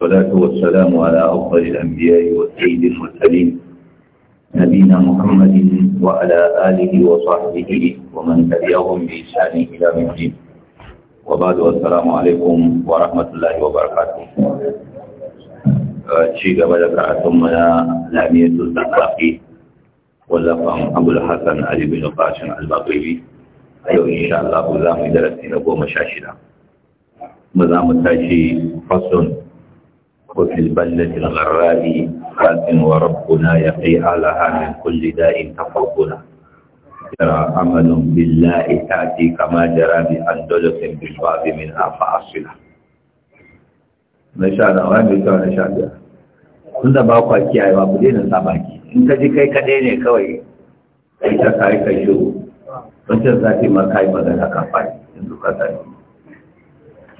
والصلاة والسلام على أفضل الأنبياء والسيد المرسلين نبينا محمد وعلى آله وصحبه ومن تبعهم بإحسان إلى يوم الدين وبعد السلام عليكم ورحمة الله وبركاته شيء قبل كراتمنا لأمية الزقاقي واللفهم أبو الحسن علي بن قاسم الباقيبي yau insha Allah za mu yi darasi na goma sha shida. Mu za mu tashi fason وفي البلة الغراء خلق وربنا يقيها لها من كل داء تقربنا جرى عمل بالله تأتي كما جرى بأندلس بالباب منها فأصلها Masha Allah, wani mai kyau na sha biyar. Tun da ba kwa kiyaye ba, ku daina sa baki. In ka ji kai kaɗai ne kawai, kai ta kai kai shi Wancan zaki ma kai magana kan yanzu ka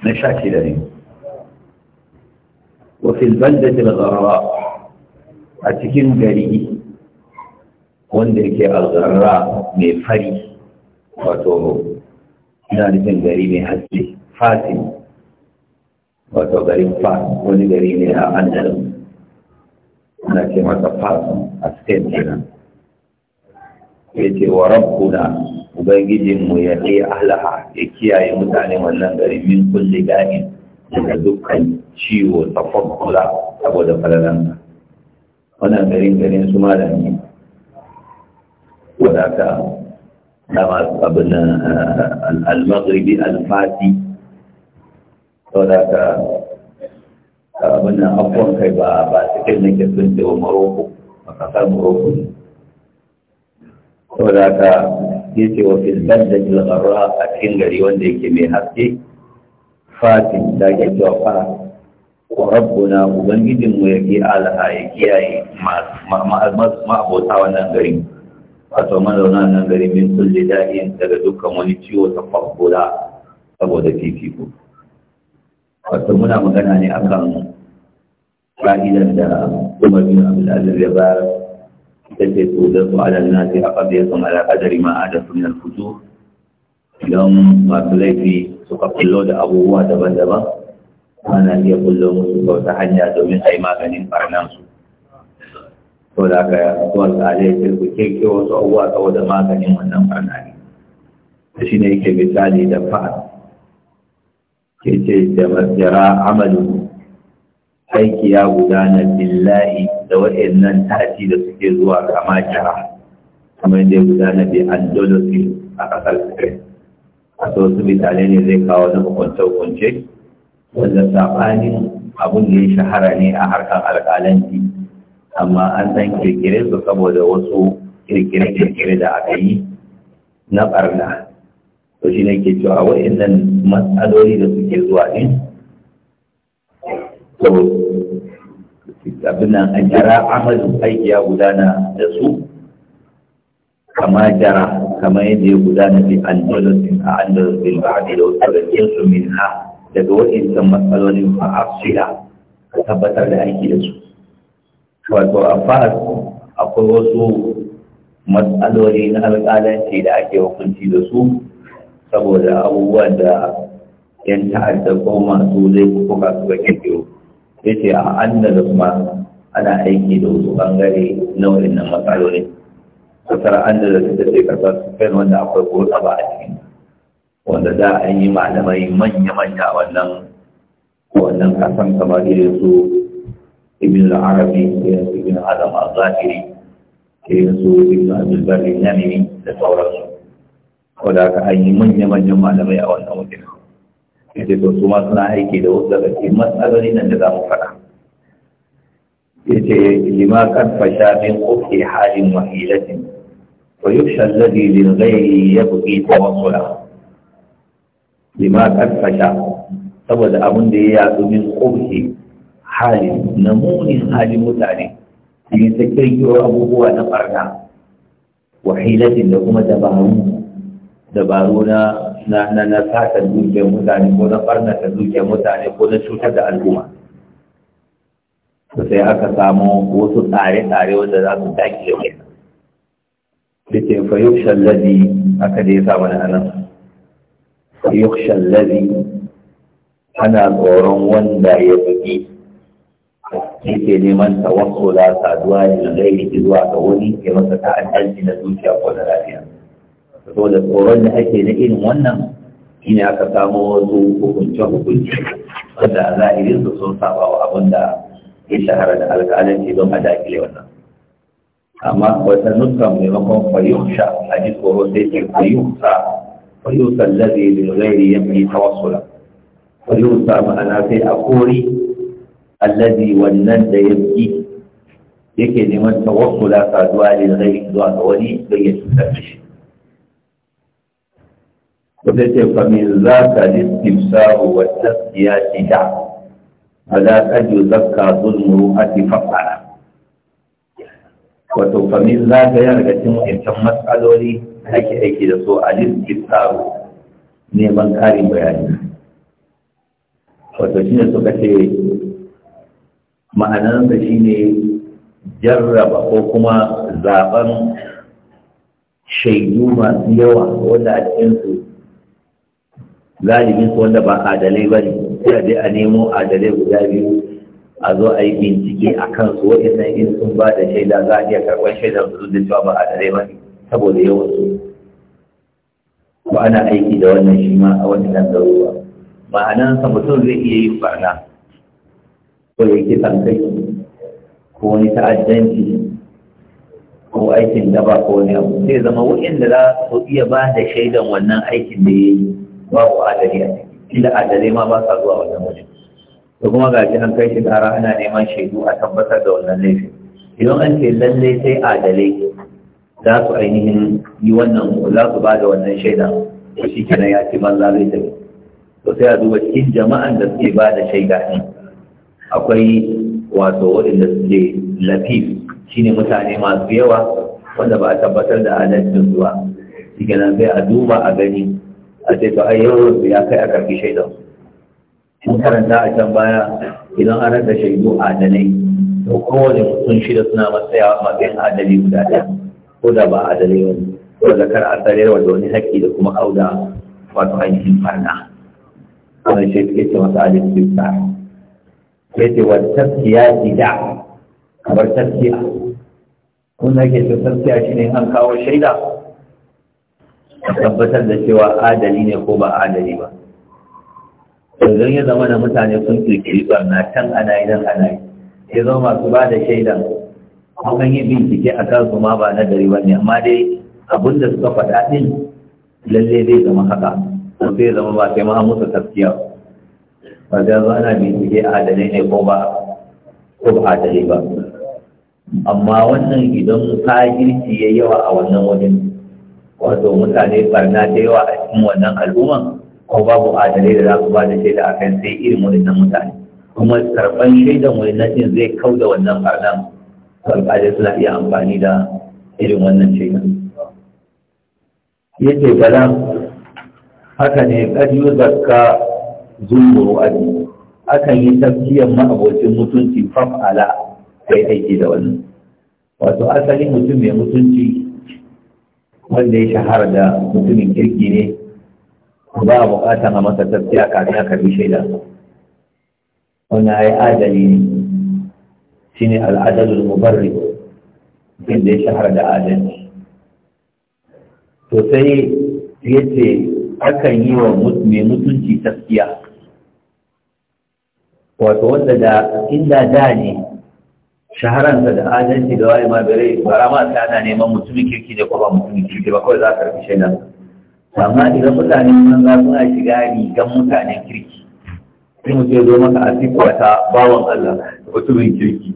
Na sha da ni. wa fil baldati al a cikin gari wanda yake al mai fari wato ina nufin gari mai haske fasin wato garin fa wani gari ne a andalus na ce masa fasin a spain kenan ya ce wa rabbuna ubangijinmu ya ce ahlaha ya kiyaye mutane wannan gari min kulli gani daga dukkan ciwo tafakkula saboda ba wannan garin garin su malami wadata dama abin eh, al-maghribi al-fati wadata abin nan abuwan kai ba ba cikin nake sun ce wa maroko a kasar maroko ne wadata ya ce wa filban da jilgarra a cikin gari wanda yake mai haske fatin da ke cewa fara wa rabbuna ubangijin mu alaha ya kiyaye ma'abota wannan gari wato mazauna nan gari min kulle da'in daga dukkan wani ciwo ta fakkula saboda fifiko wato muna magana ne akan fa'idar da umar bin abdulaziz ya bayar ta ce da su ala nasi a ƙabiyar sun ala ƙadari ma a da sunan fito idan masu laifi suka kullo da abubuwa daban-daban ana iya kullo musu bauta hanya domin a yi maganin barnan su to da aka yi zuwan tsare ku keke wasu abubuwa da maganin wannan barna ne da shi ne yake misali da fa'ad ke ce da masjara amalu aiki ya gudana billahi da waɗannan tashi da suke zuwa kama jara Kuma da ya gudana bi andolosi a ƙasar spain a so su misalai ne zai kawo na hukunce-hukunce wanda saɓanin abin da ya shahara ne a harkar alƙalanci amma an san kirkire su saboda wasu kirkire-kirkire da aka yi na ɓarna to shi ne ke cewa wa'annan matsaloli da suke zuwa ɗin to abin nan a jara amalin aiki ya gudana da su kama jara kama yadda ya gudana fi andalus a andalus ba ba'di da wasu da min ha daga matsaloli matsalolin fa'afsila ka tabbatar da aiki da su wato a fas akwai wasu matsaloli na alƙalanci da ake hukunci da su saboda abubuwan da yan ta'adda ko masu zai kuka ga kirkiro ya ce a da kuma ana aiki da wasu bangare nau'in na matsaloli. kasar an da ta ce kasar kai wanda akwai ko ba a cikin wanda za a yi malamai manya-manya a wannan wannan kasan kamar irin su ibn arabi irin su ibn adam al-zahiri irin su ibn abdulbar yanayi da sauransu wadda aka an yi manya-manyan malamai a wannan wajen yadda to su ma suna aiki da wasu daga cikin matsaloli nan da za mu faɗa yace lima karfa shafin kofi halin wahilatin wa zabi alladhi lil buge yabghi tawassula bima karfasha saboda abin da ya yatsu min kofi hali na hali halin mutane ne ta kirkiro abubuwa na farka wa hilatin da kuma dabaru dabaru na na na na sata dukiyar mutane ko na ta dukiyar mutane ko na cutar da al'umma sai aka samu wasu tsare-tsare wanda za su dakile da da ke ladi aka da ya samu na anan Yukshan lazi ana tsoron wanda ya bugi yake neman tawassula saduwa ne da gairi zuwa ga wani ya masa ta'addanci na zuciya ko da lafiya saboda tsoron da ake na irin wannan ne aka samo wasu hukunce hukunce wanda a zahirin su sun saba wa abin da ya shahara da alƙalanci don a dakile wannan amma wata nuskan maimakon fayyuksha a ji tsoro sai ce fayyuksa ويوسى الذي للغير يمني توصلا ويوسى أنا في أقولي الذي ولد يبكي يكي لمن توصلا فدعاء للغير دعاء ولي بيت المشي قلت فمن ذاك الاستفساء والتسقيات دع فلا تجو ذكى ذو المروءة فقعا وتو فمن ذاك يرغتم إن تمسأل ولي kake aiki da su a tsaro neman ƙarin bayani wato shine suka ce shi shine jarraba ko kuma zaben shaidu masu yawa wanda a cikinsu su wanda ba adalai ba ne sai a je a nemo adalai guda biyu a zo a yi bincike a kansu waɗannan in sun ba da shaida za a iya karɓar shaidar su da cewa ba a ba ne saboda yawan su ba ana aiki da wannan shi ma a wani ɗan garuruwa ma'anansa mutum zai iya yin barna ko ya kisan kai ko wani ta'addanci ko aikin ba ko wani abu sai zama da za su iya ba da shaidan wannan aikin da ya yi ku adali a ciki inda adalai ma ba sa zuwa wannan wajen to kuma ga shi an kai shi ƙara ana neman shaidu a tabbatar da wannan laifin idan an ce lallai sai adalai za su ainihin yi wannan za su ba da wannan shaida da shi kenan ya ce banza zai tafi to sai a duba cikin jama'an da suke ba da shaida ɗin akwai wato waɗanda suke latif shine mutane masu yawa wanda ba a tabbatar da adalcin zuwa shi kenan sai a duba a gani a ce to ai yau ya kai a karfi shaidan in karanta a can baya idan an rasa shaidu adalai to kowane mutum shida suna matsayawa matsayin adali guda ɗaya ko da ba a dalilin ko da kar a tsarewa da wani haƙƙi da kuma auda wato ainihin farna wani shi ke ce masa alif sifta ke ce wa taskiya ida kamar taskiya kun da ke ce taskiya shi ne an kawo shaida a tabbatar da cewa adali ne ko ba adali ba yanzu ya zama da mutane sun kirkiri barna can ana yi nan ana yi ya zama masu ba da shaidan an yi bincike a kansu ma ba na gari ne amma dai abin da suka faɗa ɗin lalle zai zama haka ko zai zama ba sai ma musu tafkiya ba za zo ana bincike adalai ne ko ba ko ba adalai ba amma wannan idan girki ya yawa a wannan wajen wato mutane barna da yawa a cikin wannan al'umman ko babu adalai da za su ba da shaida a kan sai irin wannan mutane kuma karɓan shaidan wannan zai kauda wannan barnan alƙalai suna iya amfani da irin wannan cikin ya ce bala haka ne ƙajiyu zakka zumburu abi akan yi tafkiyar ma'abocin mutunci faf'ala kai aiki da wannan wato asali mutum mai mutunci wanda ya shahara da mutumin kirki ne ba a bukatan a masa tafiya kafin a bi shaida wannan ya yi adali ne ne al'adar mubarri bin da ya shahara da adalci to sai ya ce akan yi wa mai mutunci taskiya wato wanda da inda da ne shaharansa da adalci da waye mabere ba rama ta ana neman mutumin kirki da kuma mutumin kirki ba kawai za ka rufe shaidan amma idan mutane sun za suna shiga rigan mutanen kirki sai mutum ce zo maka a sifa ta bawan Allah mutumin kirki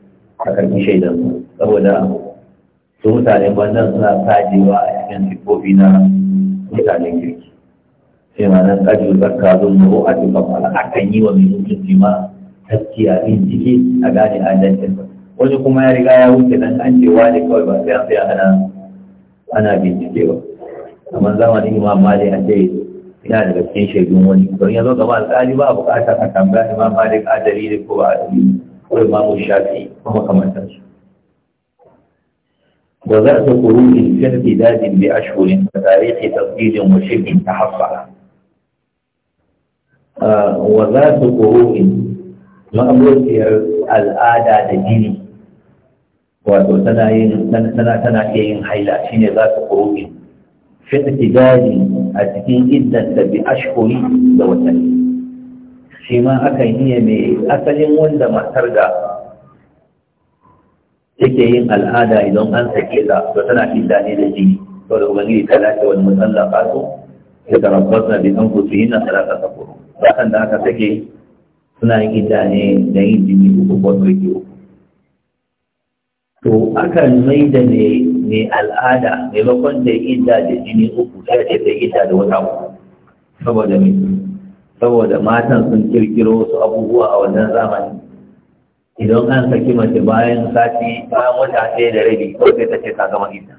a karbi shaidan saboda su mutane bannan suna sajewa a cikin siffofi na mutanen kirki sai ma nan kaji zarka zon zoro a duka a akan yi wa mai mutunci ma taskiya bincike a gane adalcin wani kuma ya riga ya wuce nan an ce wani kawai ba sai an sai ana bincike ba amma zamanin imam malik a ce ina daga cikin shaidun wani don yanzu zo gaba alƙali ba a buƙatar a tambaya imam malik adali dalilin ko ba adali والإمام الشافعي وهو كما وذات قرون في امتداد بأشهر وتاريخ تصديد وشبه تحصل آه، وذات قرون مأمور في الآداء الديني وتنا تنا كين حيلا شين ذات قرون في امتداد أتكين إذن بأشهر وتاريخ shi ma yi iya mai asalin wanda matar da take yin al'ada idan an sake ta to tana fi ne da jini to da ubangiji ta lafi wani mutsalla kaso ya tarabbas na bisan kusu yi nasara ta sakuru bakan da aka sake suna yin ita ne da yin jini uku ko yi uku to aka mai da mai al'ada maimakon da idda da jini uku sai ta idda da wata uku saboda mai saboda matan sun kirkiro wasu abubuwa a wannan zamani idan an saki mace bayan sati bayan wata ɗaya da rabi ko sai ta ce ka gama ita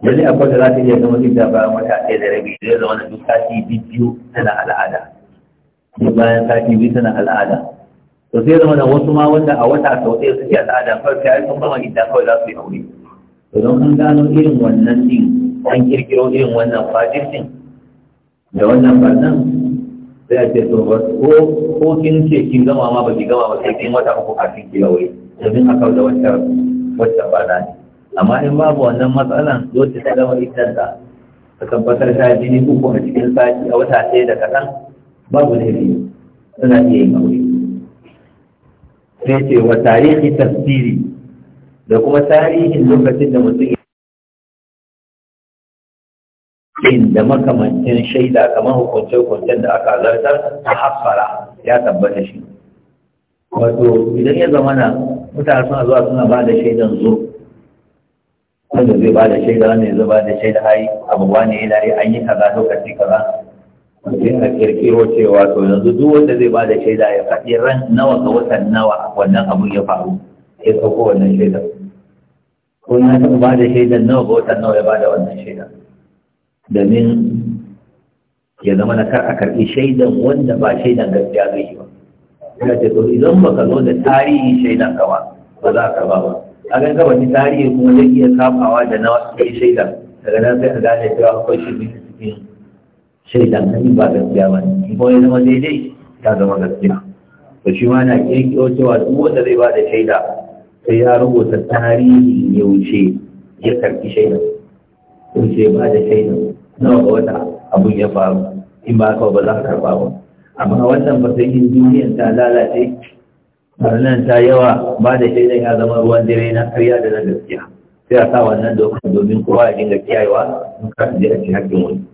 yanzu akwai da za ta iya gama ita bayan wata ɗaya da rabi zai zama da duk sati biyu tana al'ada duk bayan sati biyu tana al'ada to sai zama da wasu ma wanda a wata sau ɗaya suke al'ada kawai sai sun gama ita kawai za su yi aure to don an gano irin wannan din an kirkiro irin wannan fajircin da wannan fannin. sai a ce to ba ko ko kin ce kin gama ma baki gama ba sai kin wata uku kafin ki yawaye domin a kawo da wacce wacce ba da amma in babu wannan matsalan dole ta gama idan da ta tabbatar ta jini uku a cikin sati a wata sai da kaɗan babu laifi suna iya yin aure sai ce wa tarihi tafsiri da kuma tarihin lokacin da mutum din da makamancin shaida kamar hukunce-hukuncen da aka zartar ta haffara ya tabbata shi wato idan ya zama na mutane suna zuwa suna ba da shaidan zo wanda zai ba da shaida wanda zai ba da shaida hai abubuwa ne yana yi an yi kaza lokaci kaza sai a kirkiro cewa to yanzu duk wanda zai ba da shaida ya faɗi ran nawa ga watan nawa wannan abun ya faru ya sauko wannan shaidan. ko na taɓa ba da shaidan nawa ga watan nawa ya ba da wannan shaidan. domin ya zama na kar a karɓi shaidan wanda ba shaidan gaskiya zai yi ba ina ce to idan baka zo da tarihi shaidan ka ba ba za ka ba ba a ga gaba ni tarihi kuma zai iya kafawa da na wasu kai shaidan daga nan sai ka gane cewa akwai shi cikin shaidan na ba gaskiya ba ne ko ya zama daidai ya zama gaskiya to shi ma na kirkiro cewa duk wanda zai ba da shaida sai ya rubuta tarihi ya wuce ya karɓi shaidan wuce ba da shaidan nawa ga wata abun ya faru in ba kawai ba za ka karba ba amma wannan ba sai in duniyan ta lalace barnan ta yawa ba da shaidan ya zama ruwan dare na karya da na gaskiya sai a sa wannan dokar domin kowa ya dinga kiyayewa in ka je a ci haƙƙin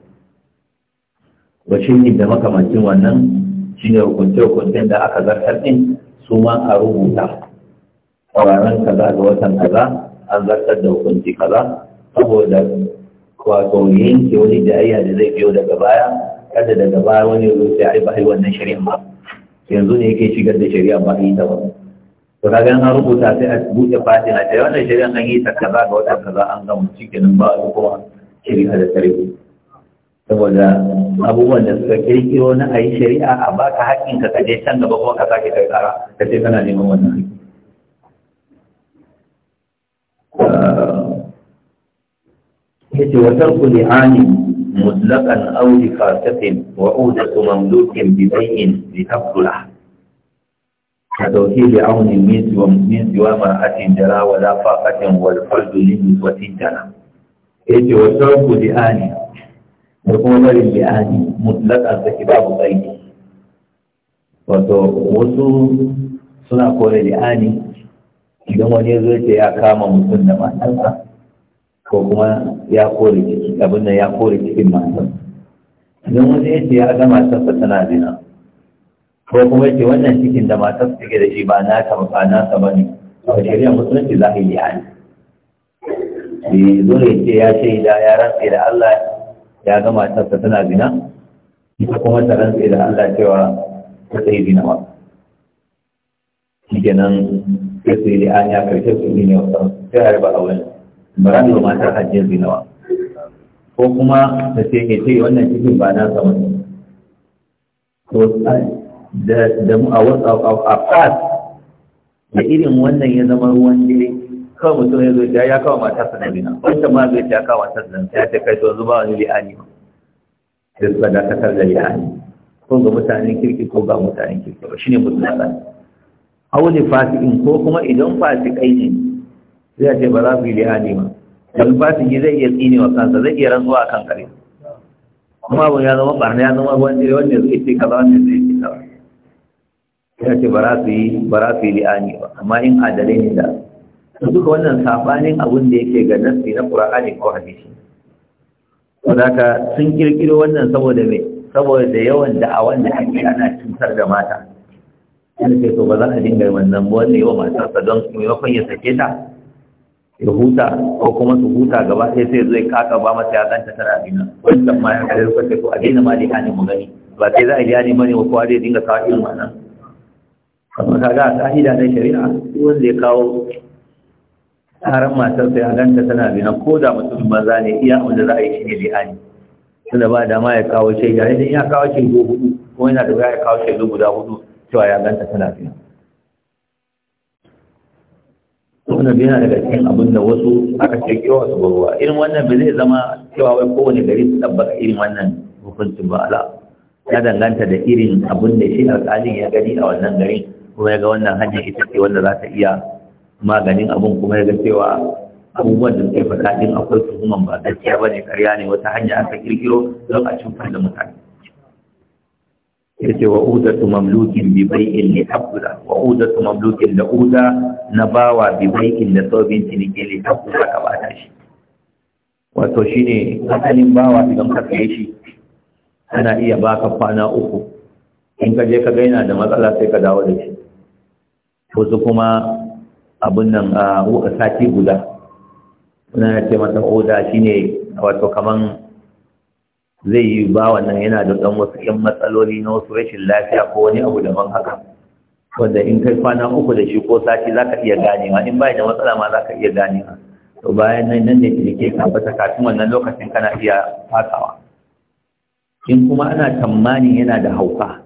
wani ne da makamancin wannan shine hukunce-hukuncen da aka zartar ɗin su ma a rubuta ƙwararren kaza ga watan kaza an zartar da hukunci kaza saboda wato yanke wani jayayya da zai biyo daga baya kada daga baya wani yanzu sai ai ba yi wannan shari'a ba yanzu ne yake shigar da shari'a ba yi ta ba to gan an rubuta sai a buɗe fatina ta wannan shari'a an yi ta kaza ga wata kaza an gama cikin ba a kowa shari'a da tarihi saboda abubuwan da suka kirkiro na a yi shari'a a baka haƙƙin ka kaje can gaba kuma ka sake kai ka ce kana neman wannan haƙƙi ah, yace wa tarku li'ani mutlaqan aw li fasatin wa udatu mamlukin bi bay'in li tabtulah ka dauki li'aunin min wa min siwa ma'atin jara wa la faqatin wal fardu li niswatin jara yace wa tarku li'ani da kuma barin li'ani mutlaqan saki babu tsayi wato wasu suna kore li'ani idan wani ya zo ya kama mutum da matarsa ko kuma ya kore ciki abin da ya kore cikin matan idan wani ya ce ya ga matarsa tana zina ko kuma ya ce wannan cikin da su take da shi ba na ta ba na ta ba ne a shari'a musulunci za a yi shi zo eh, ya ce ya da ya rantse da Allah ya ga matarsa tana zina ita kuma ta rantse da Allah cewa ta sai zina ba shi kenan ya sai da an ya karshe su ne wasan sai a ba a wani ba wa mu matar hajjiyar binawa ko kuma ta ce ke ce wannan cikin ba na sama to da mu a a afas da irin wannan ya zama ruwan jini kawai mutum ya zo ya kawo matarsa na bina wanda ma zai ya kawo matarsa na zina ya kai to yanzu ba wani li'ani ba da su dakatar da li'ani ko ga mutanen kirki ko ga mutanen kirki ba shine mutum na tsani aure fasikin ko kuma idan fasikai ne sai a ce ba za su yi lihadi ba dalbatin yi zai iya tsini wa kansa zai iya rantsuwa a kan kare kuma abin ya zama barna ya zama wanda wanda zai ce kaza wanda zai ce kaza ya ce ba za su yi ba za su yi li'ani ba amma in adalai ne da su duka wannan safanin abin da yake ga nasi na qur'ani ko hadisi wadaka sun kirkiro wannan saboda me saboda yawan da'awan da ake ana cutar da mata yana ce to ba za a dinga wannan ba wanda yawa matarsa don maimakon ya sake ta ya huta ko kuma su huta gaba sai sai zai kaka ba masa ya danta tara abin nan wannan ma ya kare rufe ko abin ma da ne mu gani ba sai za a yi ne bane ko kowa zai dinga kawo irin wannan amma ga ta hida na shari'a wanda ya kawo taron matar sai a ganta tana bina ko da mutum banza ne iya wanda za a yi shi ne lihani tunda ba dama ya kawo shaida idan ya kawo shaidu hudu ko yana da ya kawo shaidu guda hudu cewa ya ganta tana bina wannan yana daga cikin abin da wasu aka ce kewa su barwa irin wannan ba zai zama cewa wai kowane gari su tabbata irin wannan hukuncin ba ala ya danganta da irin abin da shi alƙalin ya gani a wannan garin kuma ya ga wannan hanya ita ce wanda za ta iya maganin abin kuma ya ga cewa abubuwan da suke faɗa din akwai tuhuman ba gaskiya ba ne ƙarya ne wata hanya aka kirkiro don a cutar da mutane yace wa udatu mamlukin bi bai'in li tabla wa udatu mamlukin da uda na bawa bi bai'in da sabin ke li tabla ka bata shi wato shine asalin bawa idan ka kai shi ana iya baka kwana uku in ka je ka ga yana da matsala sai ka dawo da shi su kuma abun nan a sati guda suna ce mata uda shine wato kaman zai yi ba wannan yana da ɗan wasu 'yan matsaloli na wasu rashin lafiya ko wani abu daban haka wanda in kai kwana uku da shi ko sati za ka iya ganewa in bai da matsala ma za ka iya ganewa to bayan nan nan ne ke tabbata kafin wannan lokacin kana iya fasawa in kuma ana tammani yana da hauka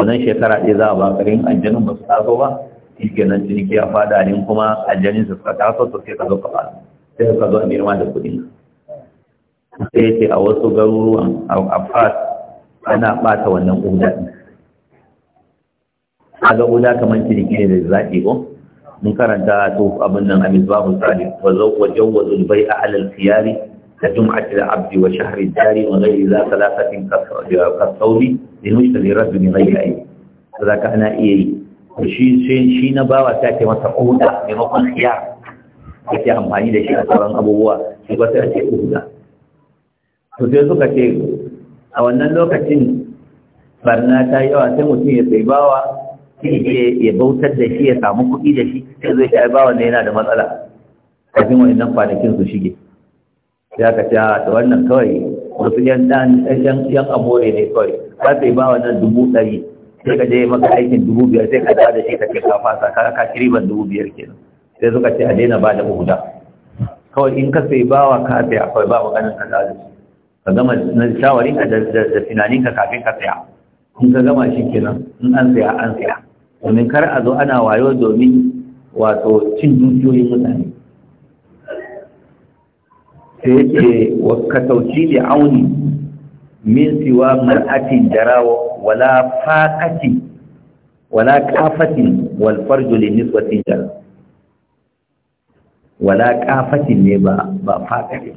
wannan shekara ɗaya za a ba karin aljanin ba su taso ba shi kenan ciniki ya fada ne kuma aljanin su suka taso to sai ka zo ka fara sai ka zo a da kuɗin sai ce a wasu garuruwan a fas ana ɓata wannan uda a ga uda kamar ciniki ne da zaƙi ko mun karanta to abin nan amin babu tsari wajen wajen bai a alal fiyari da jum'atul abdi wa shahri jari wa ghairi za salasatin kasauri da mushtari rabbi min ghairi ayi za ka ana iya yi shi shi na bawa ta ce masa uda maimakon khiyar ake amfani da shi a sauran abubuwa shi ba sai ake uda to sai suka ce a wannan lokacin barna ta yi yawa sai mutum ya sai bawa ya bautar da shi ya samu kuɗi da shi sai zai shi bawa ne yana da matsala kafin nan kwanakin su shige ya ka ce a wannan kawai wasu yan dan yan amore ne kawai ba sai bawa nan dubu ɗari sai ka je maka aikin dubu biyar sai ka da shi ka ce ka fasa ka ka riban dubu biyar kenan sai suka ce a daina ba da guda kawai in ka sai bawa ka sai akwai ba maganin kaza da shi ka gama na shawarinka da tunaninka kafin ka tsaya in ka gama shi kenan in an tsaya an tsaya domin kar a zo ana wayo domin wato cin dukiyoyin mutane sai yake ka sauki da auni min siwa mar'atin jarawa wala faƙatin wala ƙafatin wal farju li nisbatin jarawa wala ƙafatin ne ba ba faƙatin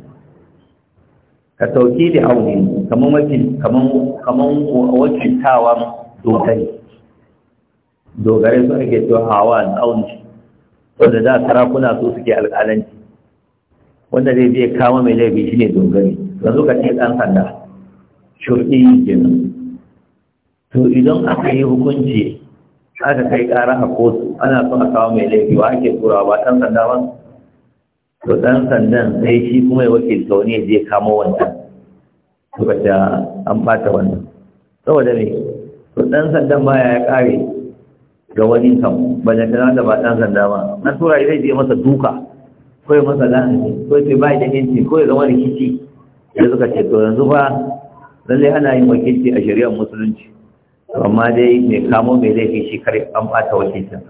ka sauke da aure, kaman wakil kaman kaman wakiltawan dogare dogare su ake cewa hawan auni wanda tara kuna su suke alƙalanci wanda zai zai kama mai laifi shine dogare don ka ce ɗan sanda shurɗi nan. to idan aka yi hukunci aka kai ƙara a kotu ana so a kawo mai laifi wa ake turawa ba ɗan sanda ba to ɗan sandan sai shi kuma ya wakilta wani ya je kamo wancan suka ce an bata wannan saboda me to ɗan sandan baya ya ƙare ga wani kam ba da ba ɗan sanda ba na tura ya je masa duka ko ya masa dan ko ya ce ba da inci ko ya zama rikici da suka ce to yanzu ba lalle ana yin wakilci a shari'ar musulunci amma dai mai kamo mai laifi shi kare an ɓata wakilcin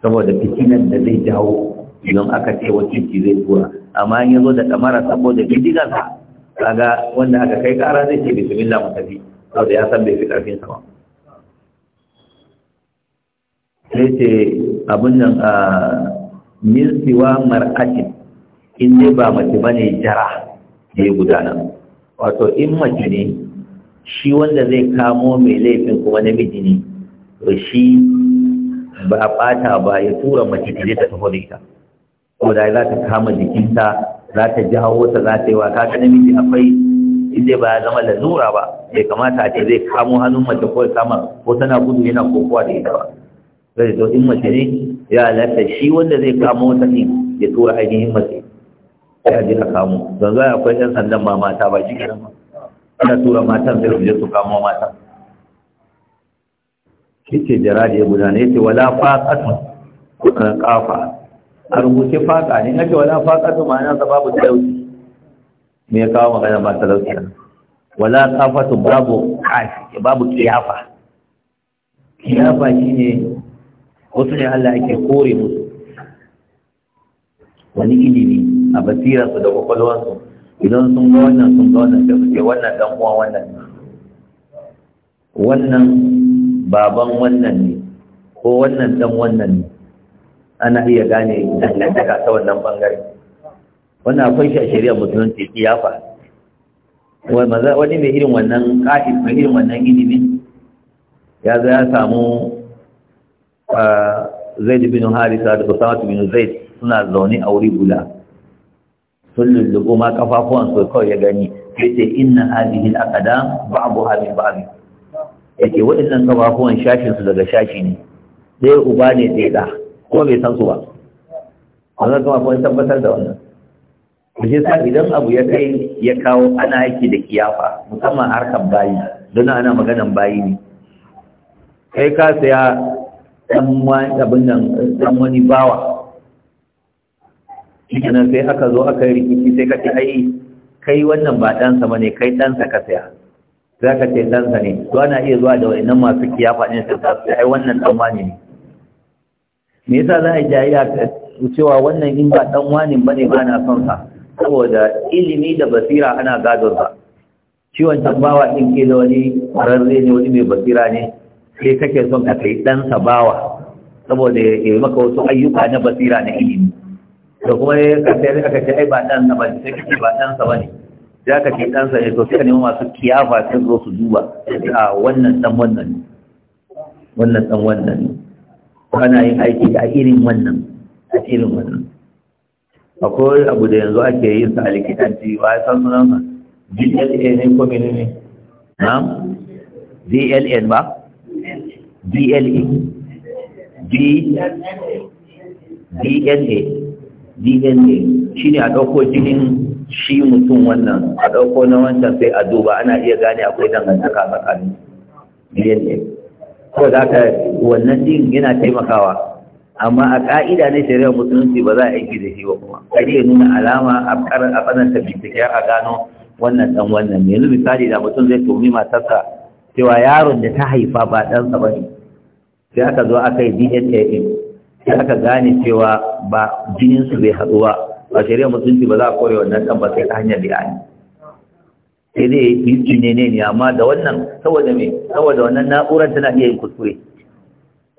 saboda fitinan da zai jawo idan aka ce wakilci zai tura amma an zo da kamara saboda bidigansa kaga wanda aka kai kara zai ce bismillah mu tafi saboda ya san bai fi karfin sa ba sai ce abin nan a min siwa in dai ba mace bane jara ne gudana wato in mace ne shi wanda zai kamo mai laifin kuma namiji ne to shi ba a bata ba ya tura mace ta je ta tafi da ita saboda za ta kama jikinta za ta ji hawota za ta yi wa na namiji akwai inda ba ya zama lalura ba bai kamata a ce zai kamo hannun mace ko kama ko tana gudu yana kokowa da ita ba zai zo in mace ne ya halatta shi wanda zai kamo wata ne ya tura ainihin mace ya ji a kamo don zai akwai ɗan sandan ma mata ba shi kenan ba ana tura matan sai su je su kamo matan shi ce da ya gudana ya ce wala fa ƙasa kafa a rubuce faka ne ce wala faka to ma'ana sa babu talauci me ya kawo magana ba talauci wala kafatu babu kafi babu kiyafa kiyafa shine wasu ne Allah yake kore musu wani ilimi a basirarsu da kwakwalwarsu idan sun ga wannan sun ga wannan sai su ce wannan dan uwa wannan wannan baban wannan ne ko wannan dan wannan ne ana iya gane dangantaka ta wannan bangare wannan akwai shi a shari'ar musulunci kiyafa wani mai irin wannan ƙa'id mai irin wannan ilimin ya zo ya samu zaid bin harisa da usama bin zaid suna zaune a wuri gula sun lullubo ma kafafuwan su kawai ya gani sai ce inna hadhihi al-aqdam ba'daha min Ya ce waɗannan kafafuwan shashinsu daga shashi ne ɗaya uba ne ɗaya ko bai san su ba wannan kuma kun tabbatar da wannan shi sa idan abu ya kai ya kawo ana aiki da kiyafa musamman harkar bayi don ana maganan bayi ne kai ka saya dan wani abin nan dan wani bawa kenan sai aka zo aka yi rikici sai ka ce ai kai wannan ba ɗansa ba ne kai ɗansa ka saya za ka ce ɗansa ne to ana iya zuwa da wa'annan masu kiyafa ɗin ka ta ai wannan ɗan wani ne me yasa za a jayayya cewa wannan in ba dan wani bane ba na son sa saboda ilimi da basira ana gadon sa ciwon tambawa din ke da wani rarre ne wani mai basira ne sai kake son ka kai dan sa bawa saboda ya maka wasu ayyuka na basira na ilimi da kuma ya kasance aka ce ai ba dan sa ne? sai ce ba dan sa bane za ka ce sa ne to sai nemi masu kiyafa sun zo su duba a wannan dan wannan ne wannan dan wannan ne ana yin aiki a irin wannan a irin wannan akwai abu da yanzu ake yin sa a likitanci ba ya san sunan sa DLA ne ko mene ne na DLN ba DLA D DNA DNA ne a ɗauko jinin shi mutum wannan a ɗauko na wancan sai a duba ana iya gane akwai dangantaka tsakanin DNA ko za ka wannan din yana taimakawa amma a ka'ida na shari'ar musulunci ba za a aiki da shi ba kuma kare ya nuna alama a karar a ta bincike a gano wannan dan wannan yanzu misali da mutum zai tumi matarsa cewa yaron da ta haifa ba ɗansa ba ne sai aka zo aka yi dna ɗin sai aka gane cewa ba su bai haɗu ba a shari'ar musulunci ba za a kore wannan ɗan ba sai ta hanyar da sai dai yi tunene ne ne, amma da wannan saboda mai saboda wannan na'urar tana iya yin kuskure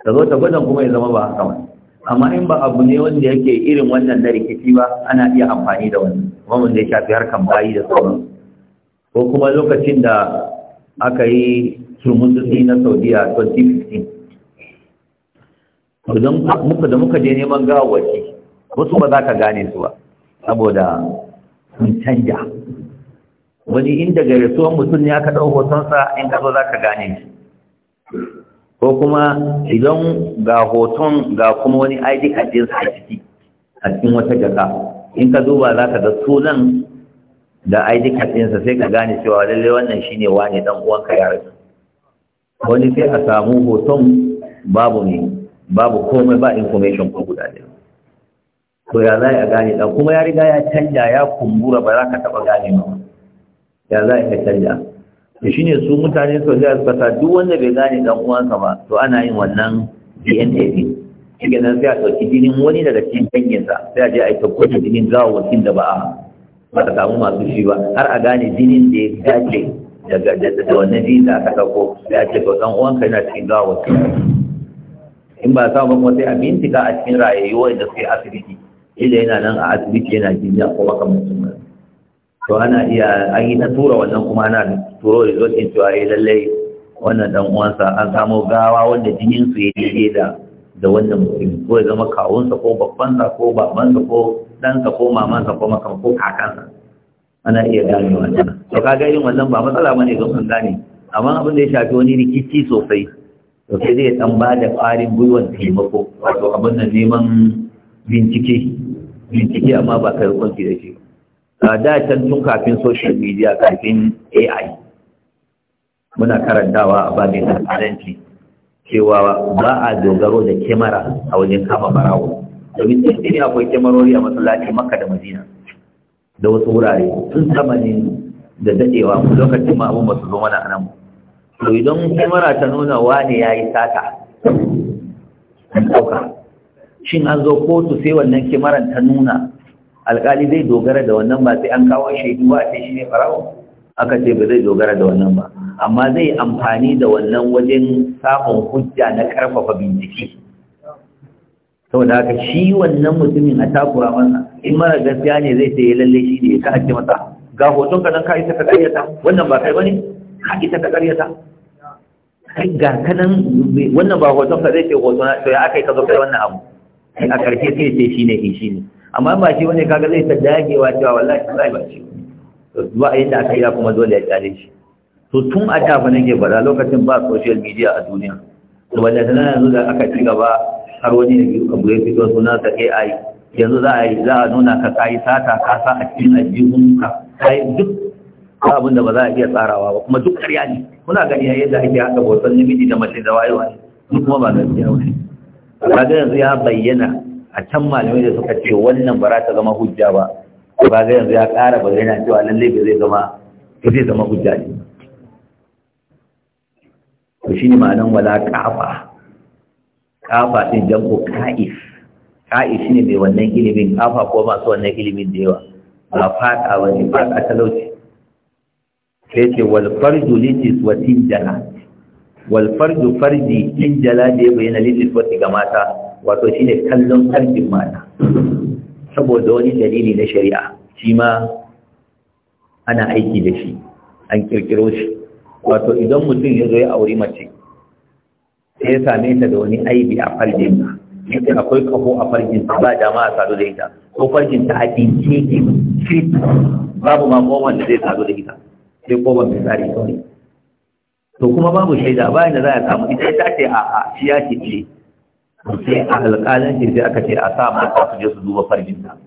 ta zo ta gwada kuma ya zama ba haka wani. amma in ba abu ne wanda yake irin wannan na rikici ba ana iya amfani da wani. kuma da ya shafi harkan bayi da sauran ko kuma lokacin da aka yi turmutsi na saudiya 2015 muka da muka je neman gawaci wasu ba za ka gane su ba saboda sun canja wani inda ga rasuwan mutum ya aka ɗau hotonsa in ka zo za ka gane shi ko kuma idan ga hoton ga kuma wani id card ɗinsa a ciki a cikin wata jaka in ka duba za ka ga sunan da id card ɗinsa sai ka gane cewa lallai wannan shine wane dan uwanka ya rasu wani sai a samu hoton babu ne babu komai ba information ko guda ɗaya to ya za a gane ɗan kuma ya riga ya canja ya kumbura ba za ka taɓa gane ba ya za a iya canja to shine su mutane su ga suka duk wanda bai gane dan uwansa ba to ana yin wannan DNA din shi nan sai a ɗauki jinin wani daga cikin danginsa sai a je a yi ta gwajin jinin gawawwakin da ba a ba ta samu masu shi ba har a gane jinin da ya dace daga da wannan jini da aka ɗauko sai a ce to ɗan uwanka yana cikin gawawwakin in ba sa kuma sai a bintika a cikin rayuwar da suke asibiti ila yana nan a asibiti yana jinya ko makamantan wani to ana iya an yi ta tura wannan kuma ana turo result din cewa ya eh, lallai wannan dan uwansa an samo gawa wanda jinin su ya daidai da da wannan mutum ko ya zama kawunsa ko babbansa ko babbansa, ko ɗansa ko mamansa ko makam ko kakansa ana iya gane wannan to kaga gani wannan ba matsala bane don an gane amma abin da ya shafi wani rikici sosai to sai zai dan ba da ƙwarin gwiwar taimako wato abin da neman bincike bincike amma ba kai hukunci da shi ba da can tun kafin social media kafin ai muna karantawa a babin al'adanci cewa ba a dogaro da kemara a wajen kama barawo domin tsirkiri akwai kemarori a masallaci makka da madina da wasu wurare sun zamanin da dadewa lokacin ma abin ba su zo mana anan to idan kemara ta nuna wane ya yi sata an ɗauka shin an zo kotu sai wannan kemaran ta nuna alƙali zai dogara da wannan ba sai an kawo shaidu ba sai shi ne farawo aka ce ba zai dogara da wannan ba amma zai amfani da wannan wajen samun hujja na ƙarfafa bincike saboda haka shi wannan mutumin a takura masa in mara gaskiya ne zai sai lalle shi ne ka ake masa ga hoton ka nan ka isa ka ƙaryata wannan ba kai bane ka isa ka ƙaryata kai ga kanan wannan ba hoton ka zai ce hoton to ya aka yi ka zo kai wannan abu a karshe sai sai shi ne in ne amma ba shi wani kaga zai ta dagewa cewa wallahi sai ba shi to ba yadda aka yi kuma dole ya tsare shi to tun a da ba nake bara lokacin ba social media a duniya to wanda tana yanzu da aka ci gaba har wani biyu kan bai fito suna ta AI yanzu za a yi za a nuna ka kai sata ka sa a cikin ajihun ka kai duk abin da ba za a iya tsarawa ba kuma duk ƙarya ne kuna gani yadda ake haɗa hoton namiji da mace da wayewa ne duk kuma ba gaskiya ba ne kaga yanzu ya bayyana a can malamai da suka ce wannan ba za ta zama hujja ba kaga yanzu ya ƙara bayyana cewa lallai ba zai zama ba zai zama hujja ne to shi ne ma'anan wala kafa kafa ɗin janko ka'if ka'if shi ne mai wannan ilimin kafa ko masu wannan ilimin da yawa ba fata ba ne fata talauci sai ce wal farju litis watin wal fardu farji in jala da ya bayyana lillis wata ga mata wato shine kallon farjin mata saboda wani dalili na shari'a shi ma ana aiki da shi an kirkiro shi wato idan mutum ya zo ya auri mace sai ya same ta da wani aibi a farjin ta yadda akwai kaho a farjin ta ba dama a sadu da ita ko farjin ta a dinke babu ma kowanne zai sadu da ita sai koman ta kawai to kuma babu shaida bayan da za a samu ita ta ce a a shi ya ce ce eh. sai a alƙalin ce sai aka ce a sa ma su je su duba ta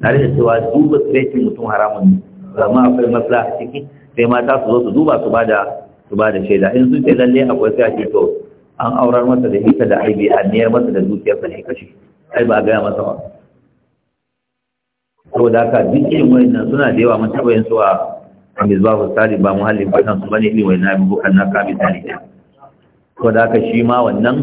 tare da cewa duba tsiraici mutum haramun ne zama akwai maslaha ciki sai mata su zo su duba su ba da su ba da shaida in sun ce lalle akwai sai a ce to an aurar masa da ita da aibi a niyar masa da sa ne kashe ai ba a gaya masa ba saboda haka duk irin wannan suna da yawa mun taɓa yin su a misbahu sali ba muhallin fatan su bane ne wai na bukan na tsari ne ko da shi ma wannan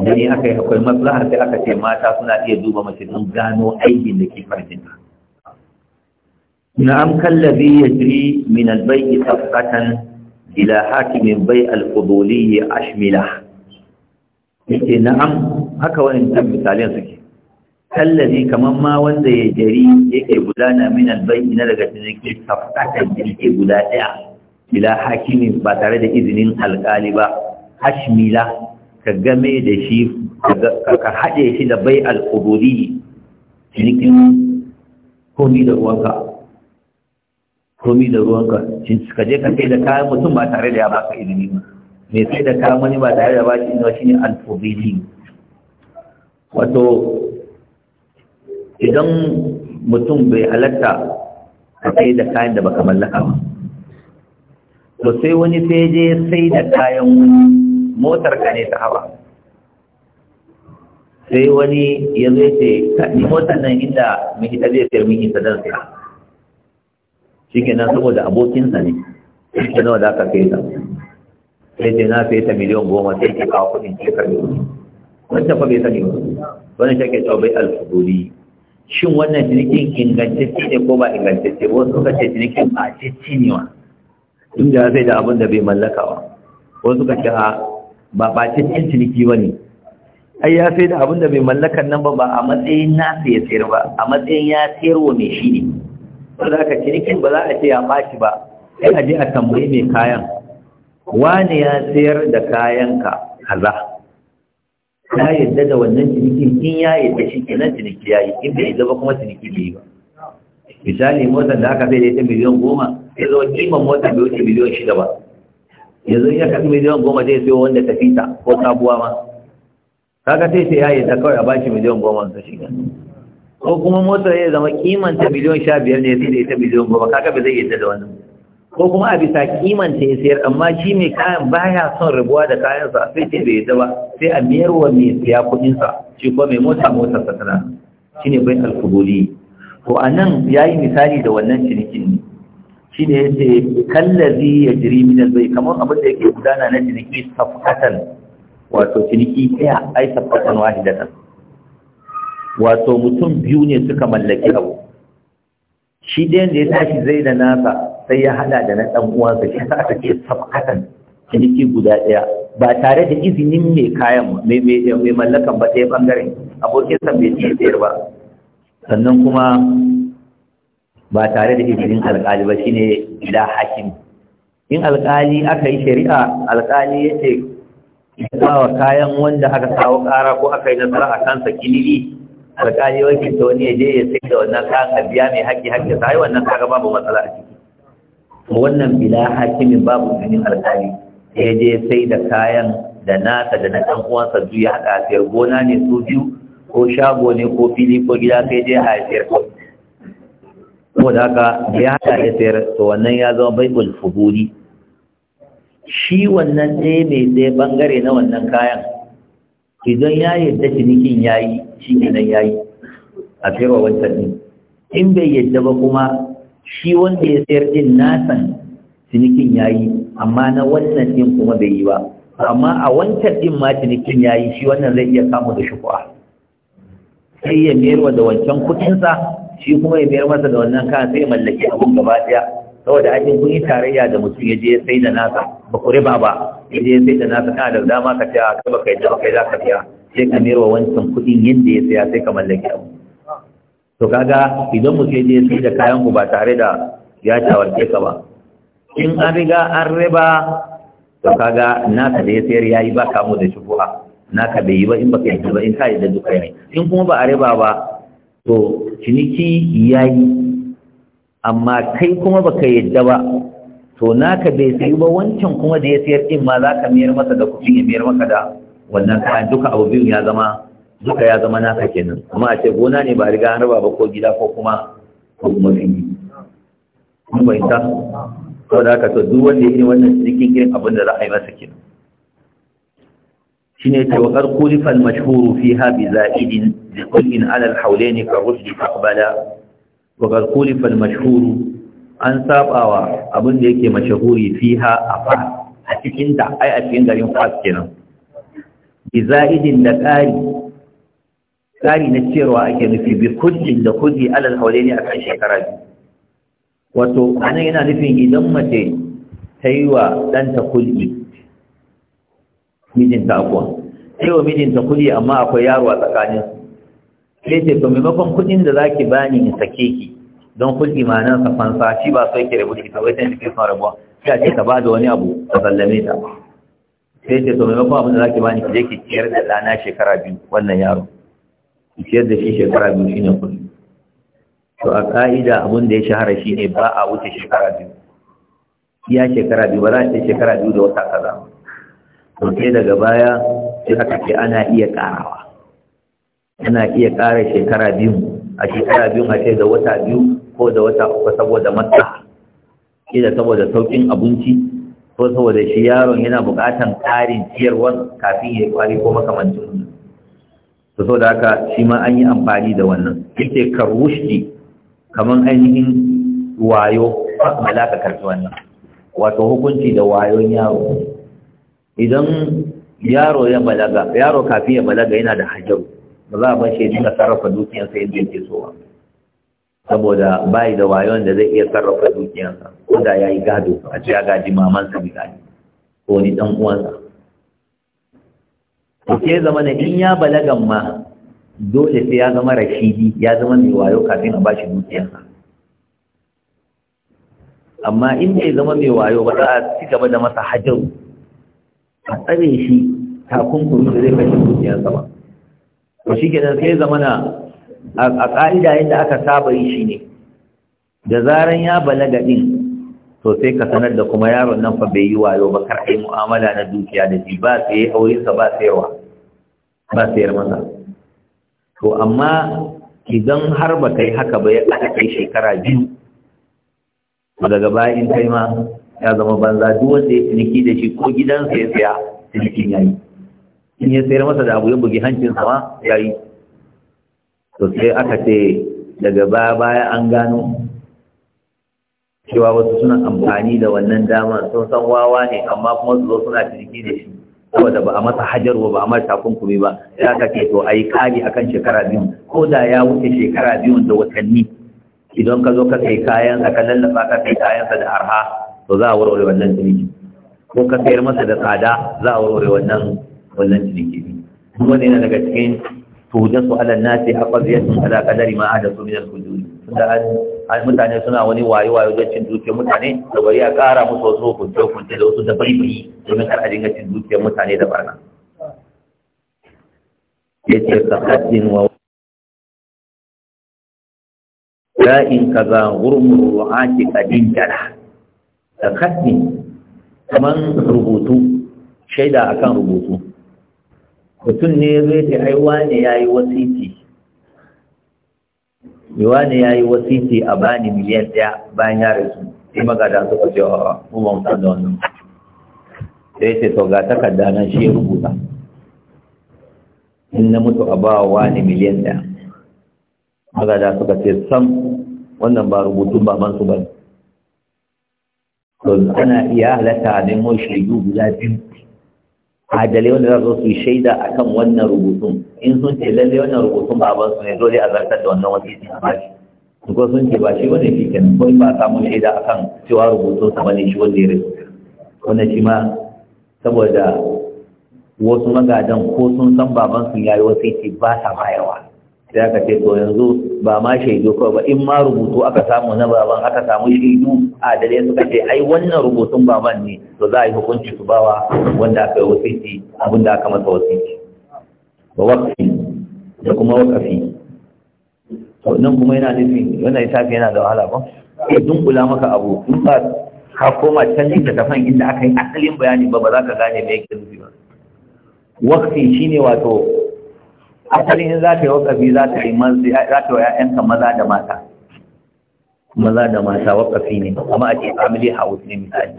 da ne aka yi akwai maslahar sai aka ce mata suna iya duba mace don gano aikin da ke na na'am kallabi ya jiri min albay'i safqatan ila hakimin bai al-fuduliyyi ashmila yake na'am haka wani misalin suke kallabi kamar ma wanda ya jari yake gudana min albayi na daga ciniki tafkatan yake guda ɗaya Ila hakimi ba tare da izinin alƙali ba hashmila ka game da shi ka haɗe shi da bai alƙuduri cinikin komi da ruwanka komi da ruwanka ka je ka kai da kayan mutum ba tare da ya baka izini ba mai sai da kayan wani ba tare da ba shi ne alƙuduri wato idan mutum bai halatta ka sai da kayan da baka mallaka ba to sai wani sai je sai da kayan motar ka ne ta hawa sai wani ya zai ce ni motar nan inda mai hita zai sayar mihi ta don siya shi nan saboda abokinsa ne shi ke nawa za ka sai ta sai ce na sai ta miliyan goma sai ke kawo kudin shekaru wani tafa bai sani ba wani shi ke bai alfuduri shin wannan cinikin ingantacce ne ko ba ingantacce ba? wasu suka ce cinikin ba ce ne ba. tun da zai da abin da bai mallaka ba wasu suka ce ha ba ba cin ciniki ba ne ai ya sai da abin da bai mallakan nan ba ba a matsayin nasa ya sayar ba a matsayin ya sayar wa mai shi ne ko da aka cinikin ba za a ce ya ɓaci ba sai a je a tambayi mai kayan wane ya sayar da kayanka kaza ya yadda da wannan cinikin in ya yadda shi kenan ciniki ya yi inda bai zaba kuma ciniki bai yi ba misali motar da aka zai da ita miliyan goma ya zo kiman motar bai wuce miliyan shida ba yanzu ya kasu miliyan goma zai sayo wanda ta fita ko sabuwa ma kaga sai sai ya yadda kawai a bashi miliyan goma su shiga ko kuma motar ya zama kimanta miliyan sha biyar ne sai da ita miliyan goma kaga bai zai yadda da wannan ko kuma a bisa kimanta ya sayar amma shi mai kayan baya son rabuwa da kayansa sai ce bai yadda ba sai a wa mai siya kudinsa shi kuma mai mota motar sa shi ne bai alkuboli Ko a nan ya yi misali da wannan cinikin ne shi ne ya ce kallazi ya jiri min zai, kamar abin da yake gudana na ciniki safkatan wato ciniki ɗaya ai safkatan wahidatan wato mutum biyu ne suka mallaki abu shi ɗayan da ya tashi zai da nasa sai ya hada da na dan uwansa shi sa aka ce sabkatan ciniki guda daya ba tare da izinin mai kayan mai mai mallakan ba ɗaya abokin sa bai ce sayar ba sannan kuma ba tare da izinin alƙali ba shine ila hakim in alƙali aka yi shari'a alƙali ya ce ba kayan wanda aka kawo ƙara ko aka yi nasara a kansa kilili alƙali wakilta wani ya je ya sai da wannan kayan a biya mai haƙƙi haƙƙi sai wannan kaga babu matsala a ciki wannan bila hakimin babu ganin alƙali ya je sai da kayan da nasa da na ɗan uwansa su ya haɗa sayar gona ne su biyu ko shago ne ko fili ko gida sai je a siyar ko da haka ya haɗa da sayar to wannan ya zama baibul fuhuri shi wannan ɗaya mai ɗaya bangare na wannan kayan idan ya yadda cinikin ya yi shi ne ya yi a sayarwa wancan ne in bai yadda ba kuma shi wanda ya sayar din nasan cinikin yayi amma na wannan din kuma bai yi ba amma a wancan din ma cinikin yayi shi wannan zai iya kamu da shukwa sai ya mayar da wancan kuɗinsa shi kuma ya mayar masa da wannan kan sai mallaki abun gaba daya saboda ajin kun yi tarayya da mutum ya je sai da nasa ba ku riba ba ya je sai da nasa kana da dama ka ce a kai ba kai da kai za ka biya sai ka mayarwa wa wancan kuɗin yanda ya saya sai ka mallaki abu to kaga idan mu sai je sai da kayan ku ba tare da ya tawarke ka ba in an riga an riba to kaga naka da ya sayar yayi ba kamu da shubuha naka bai yi ba in baka yi ba in kai yi da duka ne in kuma ba a riba ba to ciniki yayi amma kai kuma baka yadda ba to naka bai sayi ba wancan kuma da ya sayar din ma za ka miyar masa da kuɗi ya miyar maka da wannan kayan duka abu biyun ya zama duka ya zama naka kenan amma a ce gona ne ba riga an raba ba ko gida ko kuma ko kuma fili mun bai ta saboda ka to duk wanda yake wannan cikin irin abin da za a yi masa kenan shine ta wakar kulifal mashhuru fiha bi za'idin bi kullin ala al-hawlain ka rushdi taqbala wakar kulifal mashhuru an sabawa abin da yake mashahuri fiha a fa a cikin da ai a cikin garin fas kenan bi za'idin da ƙari tsari na ciyarwa ake nufi bi kullin da kudi alal haure ne akan shekara biyu wato anan yana nufin idan mace ta yi wa ɗanta kulli mijinta akuwa sai wa mijinta kulli amma akwai yaro a tsakanin sai ce to maimakon kudin da zaki bani in sake ki don kulli ma nan sa fansa shi ba so yake rabu shi ta wai ta ke son rabuwa sai ce ka bada wani abu ka sallame ta sai ce to maimakon abin da zaki bani ki je ki ciyar da ɗana shekara biyu wannan yaro ciyar da shi shekara biyu shi ne kudu to a ƙa'ida abin da ya shahara shi ne ba a wuce shekara biyu iya shekara biyu ba za a ce shekara biyu da wata kaza to sai daga baya sai aka ce ana iya ƙarawa ana iya ƙara shekara biyu a shekara biyu a ce da wata biyu ko da wata uku saboda matsa kila saboda sauƙin abinci ko saboda shi yaron yana buƙatan ƙarin ciyarwar kafin ya kwari ko makamancin to so da haka shi ma an yi amfani da wannan yake karushi kaman ainihin wayo malaka karfi wannan wato hukunci da wayon yaro idan yaro ya balaga yaro kafin ya balaga yana da hajaru ba za a bar shi ya sarrafa dukiyarsa yadda yake so ba saboda bai da wayon da zai iya sarrafa dukiyarsa ko da ya yi gado a ce ya gaji mamansa misali ko ni dan uwansa to ke zama na in ya balagan ma dole sai ya zama rashidi ya zama mai wayo kafin a bashi dukiyarsa amma in bai zama mai wayo ba za a ci gaba da masa hajjau a tsare shi takunkumi da zai kashe dukiyarsa ba to shi kenan sai zama na a ƙa'ida yadda aka saba yi shi ne da zaran ya balaga din to sai ka sanar da kuma yaron nan fa bai yi wayo ba kar ai mu'amala na dukiya da shi ba sai aurinsa ba wa ba sayar masa to amma idan har ba kai haka ba ya aka kai shekara biyu daga bayan kai ma ya zama banza duk wanda ya ciniki da shi ko gidansa ya saya cinikin ya yi in ya sayar masa da abu ya bugi hancinsa ma ya yi to sai aka ce daga baya baya an gano cewa wasu suna amfani da wannan dama sun san wawa ne amma kuma su zo suna ciniki da shi saboda ba a masa hajarwa ba a mara takunkumi ba ya ka to a yi kari akan shekara biyu ko da ya wuce shekara biyu da watanni idan ka zo ka kai kayan ka lallaba ka kai kayansa da arha to za a warware wannan ciniki ko ka sayar masa da tsada za a warware wannan wannan ciniki wanda yana daga cikin tuhudansu ala nasi a ƙwaziyar ala kadari ma a da su min al da an ai mutane suna wani wayo wayo da cin dukiyar mutane da bari a kara musu wasu hukunce hukunce da wasu dabaibayi domin kar a dinga cin dukiyar mutane da barna yace ka haddin wa ra'in kaza gurmur ru'ati qadin jala ka haddin kaman rubutu shaida akan rubutu mutum ne zai ta aiwa ne yayi wasiti wani ya yi yi a bani miliyan ɗaya bayan ya rasu sai magada suka ce a kuma mutum da wannan sai ce to ga takarda nan shi ya rubuta in na mutu a ba wani miliyan ɗaya magada suka ce sam wannan ba rubutun baban su bane to ana iya halatta a nemo shaidu guda biyu adalai wanda za su yi shaida a kan wannan rubutun in sun ce lalle wannan rubutun babansu ne dole a zartar da wannan wasiti a bashi in ko sun ce ba shi wani shi kenan ko ba samu shaida a kan cewa rubutun sa bane shi wanda ya Wani shi ma saboda wasu magadan ko sun san ya su wasu wasiti ba sa bayawa sai aka ce to yanzu ba ma shaidu kawai ba in ma rubutu aka samu na baban aka samu shaidu a dare suka ce ai wannan rubutun baban ne to za a yi hukunci su bawa wanda aka yi wasiki abin da aka masa wasiki ba wakafi da kuma wakafi to nan kuma yana nufi, wannan lissafi yana da wahala ba dun dunkula maka abu in ba ka koma can da kafan inda aka yi asalin bayani ba ba za ka gane me yake nufi ba wakafi shine wato asali in za ta yi wakafi za ta yi ‘ya'yanka maza da mata maza da mata wakafi ne amma a ce family house ne misali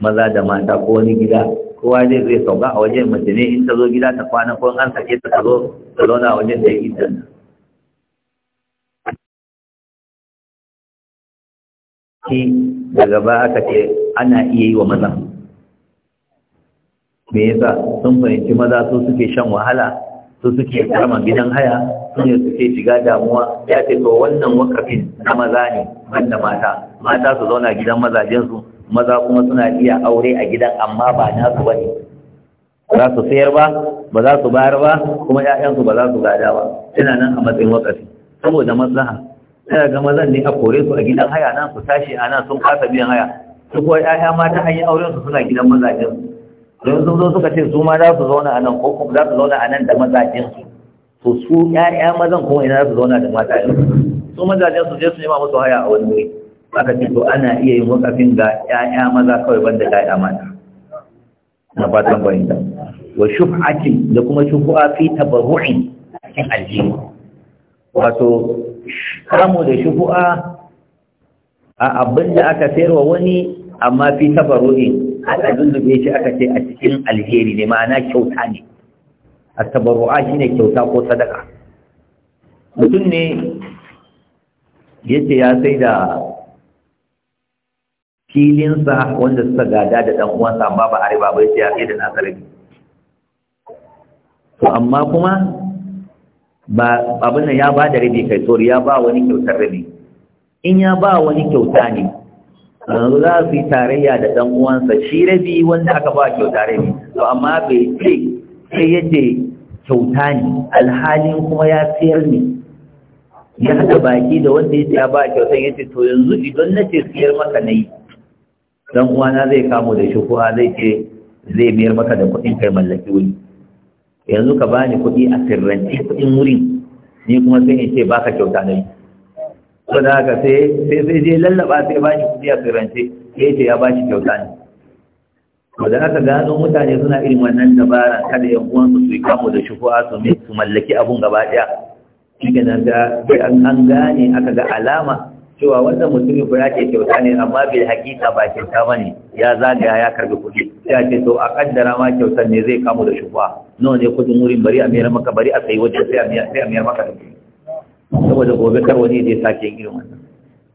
maza da mata ko wani gida kowa zai zai sauka a wajen mace ne in ta zo gida ta kwana ko an sake ta ta zo ta zauna a wajen da ya yi danna shi daga ba aka ce ana iya yi wa maza me yasa sun fahimci maza su suke shan wahala su suke kama gidan haya su ne suke shiga damuwa ya ce to wannan wakafin na maza ne wanda mata mata su zauna gidan mazajensu maza kuma suna iya aure a gidan amma ba nasu ba ne za su sayar ba ba za su bayar ba kuma 'ya'yansu ba za su gada ba suna nan a matsayin wakafi saboda maslaha sai ga mazan ne a kore su a gidan haya nan su tashi a nan sun kasa biyan haya su kuwa 'ya'ya mata an yi auren su suna gidan mazajensu don sun zo suka ce su ma za su zauna a nan ko kuma za su zauna a nan da mazajensu? su to su ƴaƴa mazan kuma ina za su zauna da mazajen su mazajensu su je su nema musu haya a wani wuri aka ce to ana iya yin wakafin ga ƴaƴa maza kawai banda ƴaƴa mata na fatan fahimta wa shuf'atin da kuma shufu'a fi tabarru'in cikin aljihu wato kamu da shufu'a a abin da aka sayarwa wani amma fi tabarru'in aka zunzube shi aka ce a cikin alheri ne ma'ana kyauta ne a tabarwa shi ne kyauta ko sadaka mutum ne ya ce ya sai da filinsa wanda suka gada da ɗan uwansa amma ba a riba ba ya ya sai da nasa rabi to amma kuma ba abin nan ya ba da rabi kai sori ya ba wani kyautar rabi in ya ba wani kyauta ne yanzu za su yi tarayya da ɗan uwansa shi rabi wanda aka ba kyauta ne. to amma bai ce sai ya kyauta ne alhalin kuma ya siyar ne ya haɗa baki da wanda ya ya ba kyauta ya ce to yanzu idan na ce siyar maka na yi ɗan uwana zai kamo da shi kuma zai ce zai biyar maka da kuɗin kai mallaki wuri yanzu ka bani kuɗi a sirrance kuɗin wurin ni kuma sai in ce baka kyauta na yi ko da haka sai sai sai je lallaba sai ba shi kuɗi a sirrance ya ce ya ba shi kyauta ne ko da aka gano mutane suna irin wannan dabara kada yan uwansu su yi kamo da shufu'a su mai su mallaki abun gaba ɗaya shi nan ga an gane aka ga alama cewa wannan mutumin ba ya kyauta ne amma bil hakika ba kyauta ba ne ya zagaya ya karbi kuɗi ya ce to a kaddara ma kyautar ne zai kamo da shufu'a nawa ne kuɗin wurin bari a mayar maka bari a sayi wajen sai a mayar maka da kuɗi saboda gobe kar wani zai sake yin irin wannan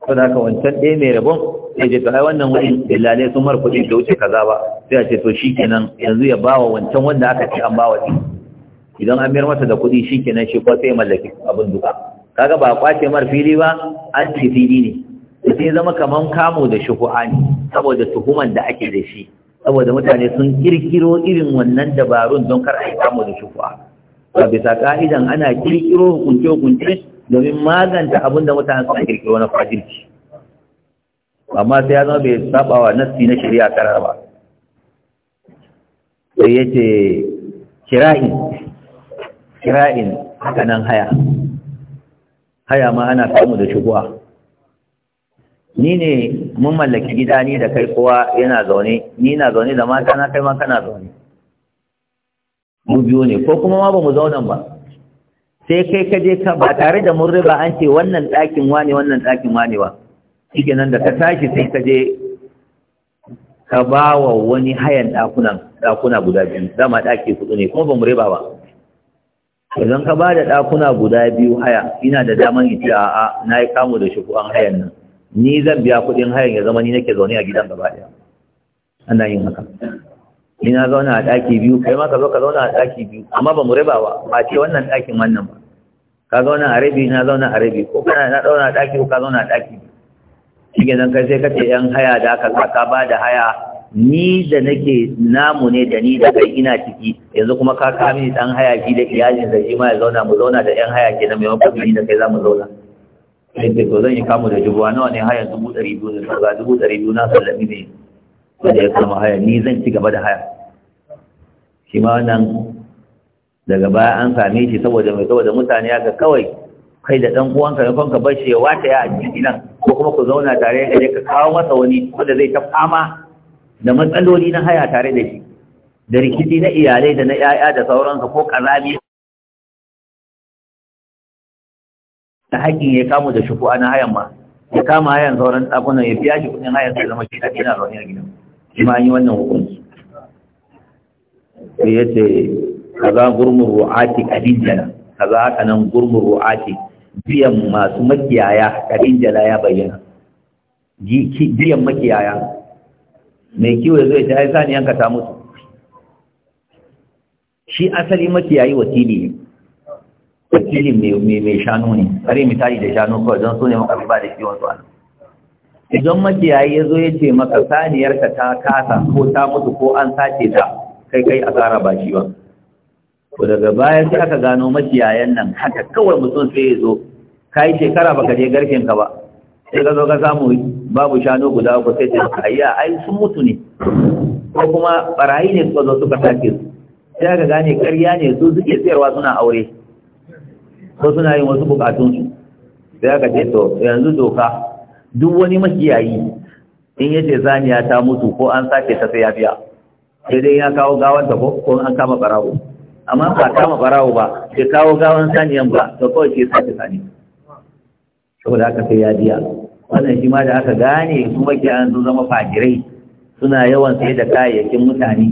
to da haka wancan ɗaya mai rabon sai ce to ai wannan wani dillalai sun mar kuɗi da wuce kaza ba sai a ce to shikenan yanzu ya bawa wancan wanda aka ce an bawa shi idan an mayar masa da kuɗi shikenan shi ko sai mallaki abin duka kaga ba kwace mar fili ba an ce fili ne sai zama kamar kamo da shuhu'a ne saboda tuhuman da ake da shi saboda mutane sun kirkiro irin wannan dabarun don kar a yi kamo da shuhu'a a bisa ka'idan ana kirkiro hukunce-hukunce domin maganta abin da mutane suna kirkiro na fajirci amma sai ya zama bai saba wa nassi na shari'a karar ba sai ya ce kira'in kira'in haka nan haya haya ma ana samu da shigowa ni ne mun mallaki gida ni da kai kowa yana zaune ni na zaune da mata na kai ma kana zaune mu biyo ne ko kuma ma ba mu zaunan ba sai kai ka je ka ba tare da mun riba an ce wannan ɗakin wane wannan ɗakin wane ba shike nan da ka tashi sai ka je ka ba wa wani hayan ɗakunan ɗakuna guda biyu dama ɗaki hudu ne kuma ba mu riba ba idan ka ba da ɗakuna guda biyu haya ina da daman in ce a'a na yi kamu da shukuwan hayan nan ni zan biya kuɗin hayan ya zama ni nake zaune a gidan gaba ɗaya ana yin haka ni na zauna a ɗaki biyu kai ma ka zo ka zauna a ɗaki biyu amma ba mu raba ba ba ce wannan ɗakin wannan ba ka zauna a rabi na zauna a rabi ko kana na zauna a ɗaki ko ka zauna a ɗaki biyu shi nan kai sai ka ce yan haya da aka sa ka ba da haya ni da nake namu ne da ni da kai ina ciki yanzu kuma ka kawo mini ɗan haya shi da iyalin da shi ma ya zauna mu zauna da yan haya ke na maimakon ni da kai za mu zauna sai ce to zan yi kamu da jubuwa nawa ne hayan dubu ɗari biyu ne dubu ɗari biyu na sallami ne da ya kama haya ni zan ci gaba da haya shi ma wannan daga baya an same shi saboda mai saboda mutane ya ga kawai kai da ɗan uwanka maimakon ka bar shi ya wata ya ajiye gidan ko kuma ku zauna tare da ka kawo masa wani wanda zai ta fama da matsaloli na haya tare da shi da rikici na iyalai da na ƴaƴa da sauransa ko ƙazami da haƙƙin ya kama da ko ana hayan ma ya kama hayan sauran ɗakunan ya biya shi kuɗin hayan sai zama shi ake na zaune a gidan shi ma yi wannan hukunci sai ya ce kaza gurmun ru'ati kadinjala kaza haka nan gurmun ru'ati biyan masu makiyaya kadinjala ya bayyana biyan makiyaya mai kiwo ya zo ya ce ai sani yanka ta mutu shi asali makiyayi wakili ne wakili mai shanu ne kare misali da shanu kawai don so ne maka ba da kiwon su ana idan makiyayi ya zo ya ce maka saniyarka ta kasa ko ta mutu ko an sace ta kai kai asara ba shi ba to daga baya sai aka gano makiyayan nan haka kawai mutum sai ya zo ka yi shekara ba ka je garken ka ba sai ka zo ka samu babu shanu guda ku sai ta ayya ai sun mutu ne ko kuma barayi ne suka zo suka take su sai aka gane ƙarya ne su suke sayarwa suna aure ko suna yin wasu bukatunsu sai aka ce to yanzu doka duk wani makiyayi in yace zaniya ta mutu ko an sake ta sai ya biya sai dai ya kawo gawanta ko ko an kama barawo amma ba kama barawo ba ke kawo gawan saniyan ba to kawai ke sa sace sani saboda aka sai ya biya wannan shi ma da aka gane kuma ke an sun zama fajirai suna yawan sai da kayayyakin mutane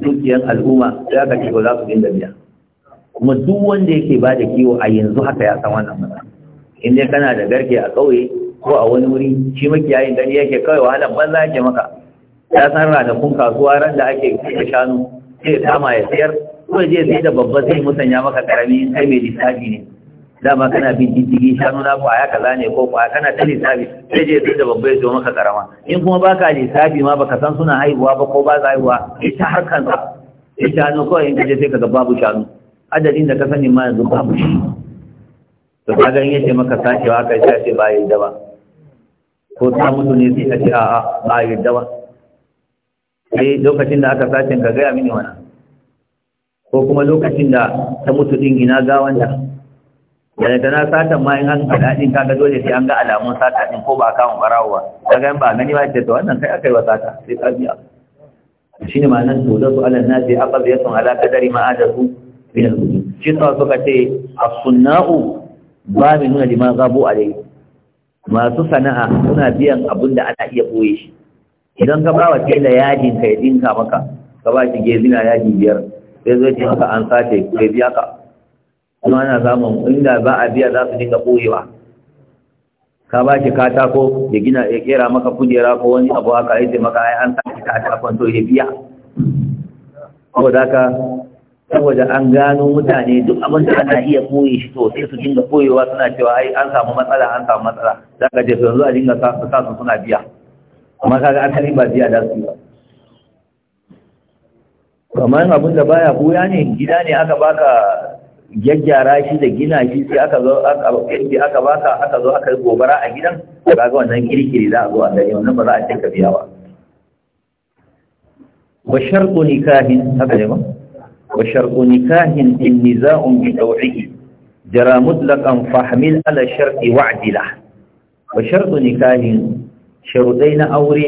dukiyar al'umma sai aka ce ba za su dinga biya kuma duk wanda yake ba da kiwo a yanzu haka ya san wannan matsala in dai kana da garke a ƙauye ko a wani wuri shi makiyayin gani yake kawai wahalar banza yake maka ya san ranakun kasuwa ran da ake da shanu sai ya kama ya siyar ko je sai da babba sai musanya maka karami in kai mai lissafi ne dama kana bin jijjigi shanu na kwaya kaza ne ko kwaya kana ta lissafi sai je sai da babba ya zo maka karama in kuma baka lissafi ma baka san suna haihuwa ba ko ba za haihuwa ita harkan sa ita hannu kawai in kaje sai kaga babu shanu adadin da ka sani ma yanzu babu shi to kaga in yace maka sakewa kai sai ce ba yi ba ko ta mutu ne sai ka ce a'a ba yi dawa? sai lokacin da aka sace ka gaya mini wani ko kuma lokacin da ta mutu ga wanda? da daga na satan ma in an faɗa ɗin kaga dole sai an ga alamun sata ɗin ko ba a kawon ɓarawo ba kaga ba gani ba ce to wannan kai aka yi wa sata sai ka biya shi ne ma'anar to da su alal sai aka biya sun ala kadari ma da su min su shi sa suka ce a sunnau ba min nuna lima gabu alai masu sana'a suna biyan abin da ana iya ɓoye shi idan ka bawa tela yajin ka ya dinka maka ka ba shi gezina yaji biyar sai zai ce maka an sace ka biya ka kuma ana samun inda ba a biya za su dinga ɓoyewa ka ba shi katako ya gina ya kera maka kujera ko wani abu haka ya ce maka ai an sace katakon to ya biya saboda ka saboda an gano mutane duk abin da ana iya ɓoye shi to sai su dinga koyewa suna cewa ai an samu matsala an samu matsala za ka je yanzu a dinga sa su suna biya amma kaga asali ba biya da su ba kamar abin da baya buya ne gida ne aka baka gyaggyara shi da gina shi sai aka zo aka baka aka zo aka gobara a gidan kaga wannan kirkiri za a zo a dare wannan ba za a cika biya ba wa sharqu nikahin haka ne ba wa sharqu nikahin in niza'un bi tawhihi jara mutlaqan fahmil ala sharqi wa'dilah wa sharqu nikahin sharuɗai na aure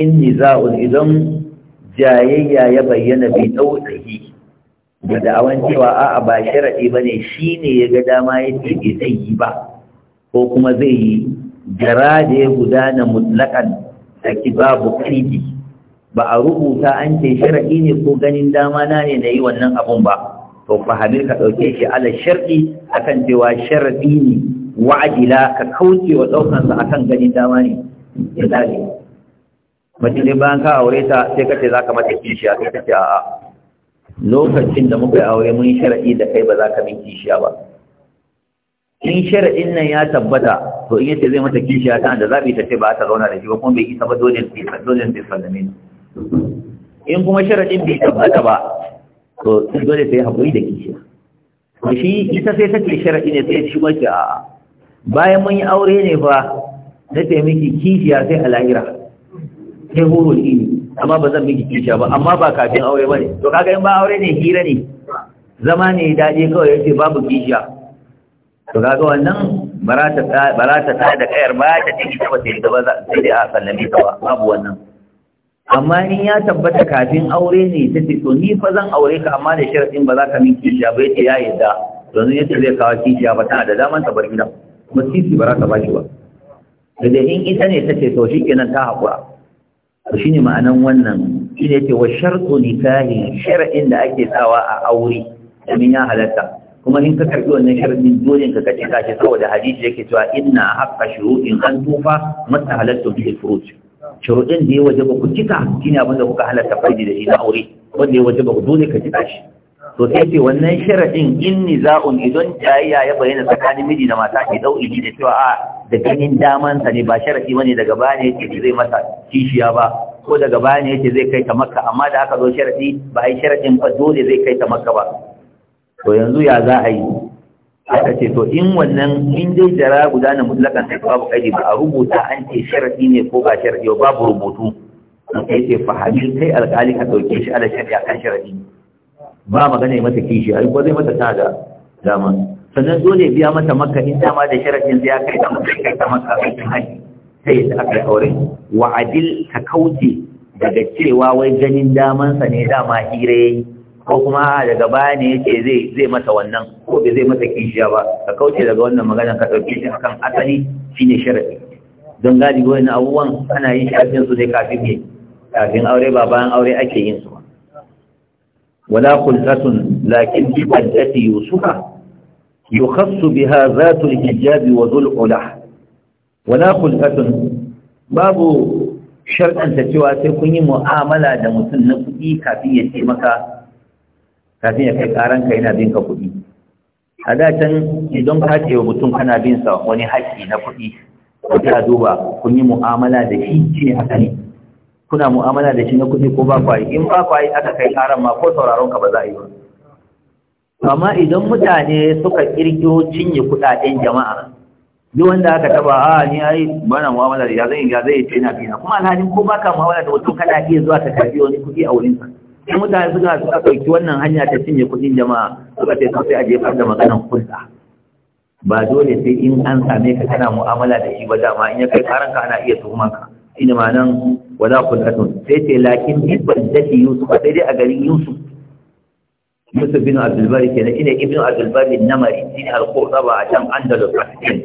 in niza'un idan jayayya ya bayyana bai ɗautahi da da'awan cewa a'a ba sharaɗi ba ne shi ne ya ga dama ya ce zai yi ba ko kuma zai yi jara da ya gudana mutlaƙan ki babu ƙarfi ba a rubuta an ce sharaɗi ne ko ganin dama na ne na yi wannan abun ba to fahamir ka ɗauke shi ala sharɗi akan cewa sharaɗi ne wa'adila ka kauce wa ɗaukansa akan ganin dama ne ya mace ne bayan ka aure ta sai kace za ka mata kishiya sai kace a'a lokacin da muka aure mun sharaɗi da kai ba za ka min kishiya ba in sharaɗin nan ya tabbata to in yace zai mata kishiya ta da zabi ta ce ba ta zauna da shi ba kuma bai isa ba dole sai dole sai in kuma sharaɗin bai tabbata ba to dole sai haƙuri da kishiya to shi ita sai take sharaɗi ne sai shi mace a'a bayan mun yi aure ne fa na ce miki kishiya sai a lahira sai horo ne amma ba zan miki kishiya ba amma ba kafin aure ba ne to kaga in ba aure ne hira ne zama ne daɗi kawai ce babu kishiya to kaga wannan barata ta da kayar ba ta ce ta bata da ba sai dai a sallame ta ba babu wannan amma ni ya tabbata kafin aure ne ta ce to ni fa zan aure ka amma da sharaɗin ba za ka min kishiya ba yace ya yadda yanzu yace zai kawo kishiya ba tana da daman ta bar gida kuma sisi ba za ta ba shi ba da in ita ne ta ce shi kenan ta haƙura to shi ne ma'anan wannan shi ne ce wa sharɗu nikahi shar'in da ake sawa a aure domin ya halatta kuma in ka karɓi wannan sharɗin dole ka kace kashi saboda hadisi yake cewa inna haqqa shuru'in an tufa mata halattu bi furuj shuruɗin da ya wajaba ku cika shine abin da kuka halatta faidi da shi na aure wanda ya wajaba ku dole ka cika shi to sai ce wannan sharadin in niza'un idan jayayya ya bayyana tsakanin miji da mata ke dau iji da cewa a da ganin daman sa ne ba sharadi bane daga bane yake zai mata kishiya ba ko daga bane yake zai kai ta makka amma da aka zo sharadi ba ai sharadin fa dole zai kai ta makka ba to yanzu ya za a yi aka ce to in wannan in dai jara na mutlakan sai babu kaidi ba a rubuta an ce sharadi ne ko ba sharadi ba babu rubutu sai ce fahimi kai alƙali ka dauke shi ala shari'a kan sharadi ba magana ya mata kishi ai ko zai mata ta da dama sannan dole biya mata makka in dama da sharadin ya kai ta makka kai ta makka ta haji sai ya aka yi aure wa adil ka kauce daga cewa wai ganin damansa ne dama hire ko kuma daga baya ne yake zai zai mata wannan ko bai zai mata kishiya ba ka kauce daga wannan magana ka dauke shi akan asali shine sharadi don gadi wannan abubuwan ana yin shafin su ne kafin ne kafin aure ba bayan aure ake yin su ba. ولا خلة لكن بقدة يوسف يخص بها ذات الحجاب وذو العلح ولا خلة باب شرطا تتوى تكوني معاملة دا mutum na kuɗi kafin ya ce maka kai karan ka yana bin ka kuɗi a da can idan ka ce wa mutum kana bin sa wani haƙƙi na kuɗi ko kun yi mu'amala da shi kuna mu'amala da shi na kuɗi ko ba kwayi in ba kwayi aka kai karan ma ko sauraron ka ba za a yi ba amma idan mutane suka kirkiro cinye kuɗaɗen jama'a duk wanda aka taba a ah, ni ai bana mu'amala da zai ya zai ce na bina kuma alhalin ko baka mu'amala da mutum kana iya zuwa ka karbi wani kuɗi a wurinsa in mutane suka suka ɗauki wannan hanya ta cinye kuɗin jama'a suka ce sai a jefar da maganar kulɗa ba dole sai in an same ka kana mu'amala da shi ba dama in ya kai karanka ana iya tuhumanka shine ma'anan wala kullatun sai ce lakin ibn dati yusuf sai dai a garin yusuf yusuf bin abdul bari kenan ina ibn abdul bari namari shine al-qurtaba a can andalus a cikin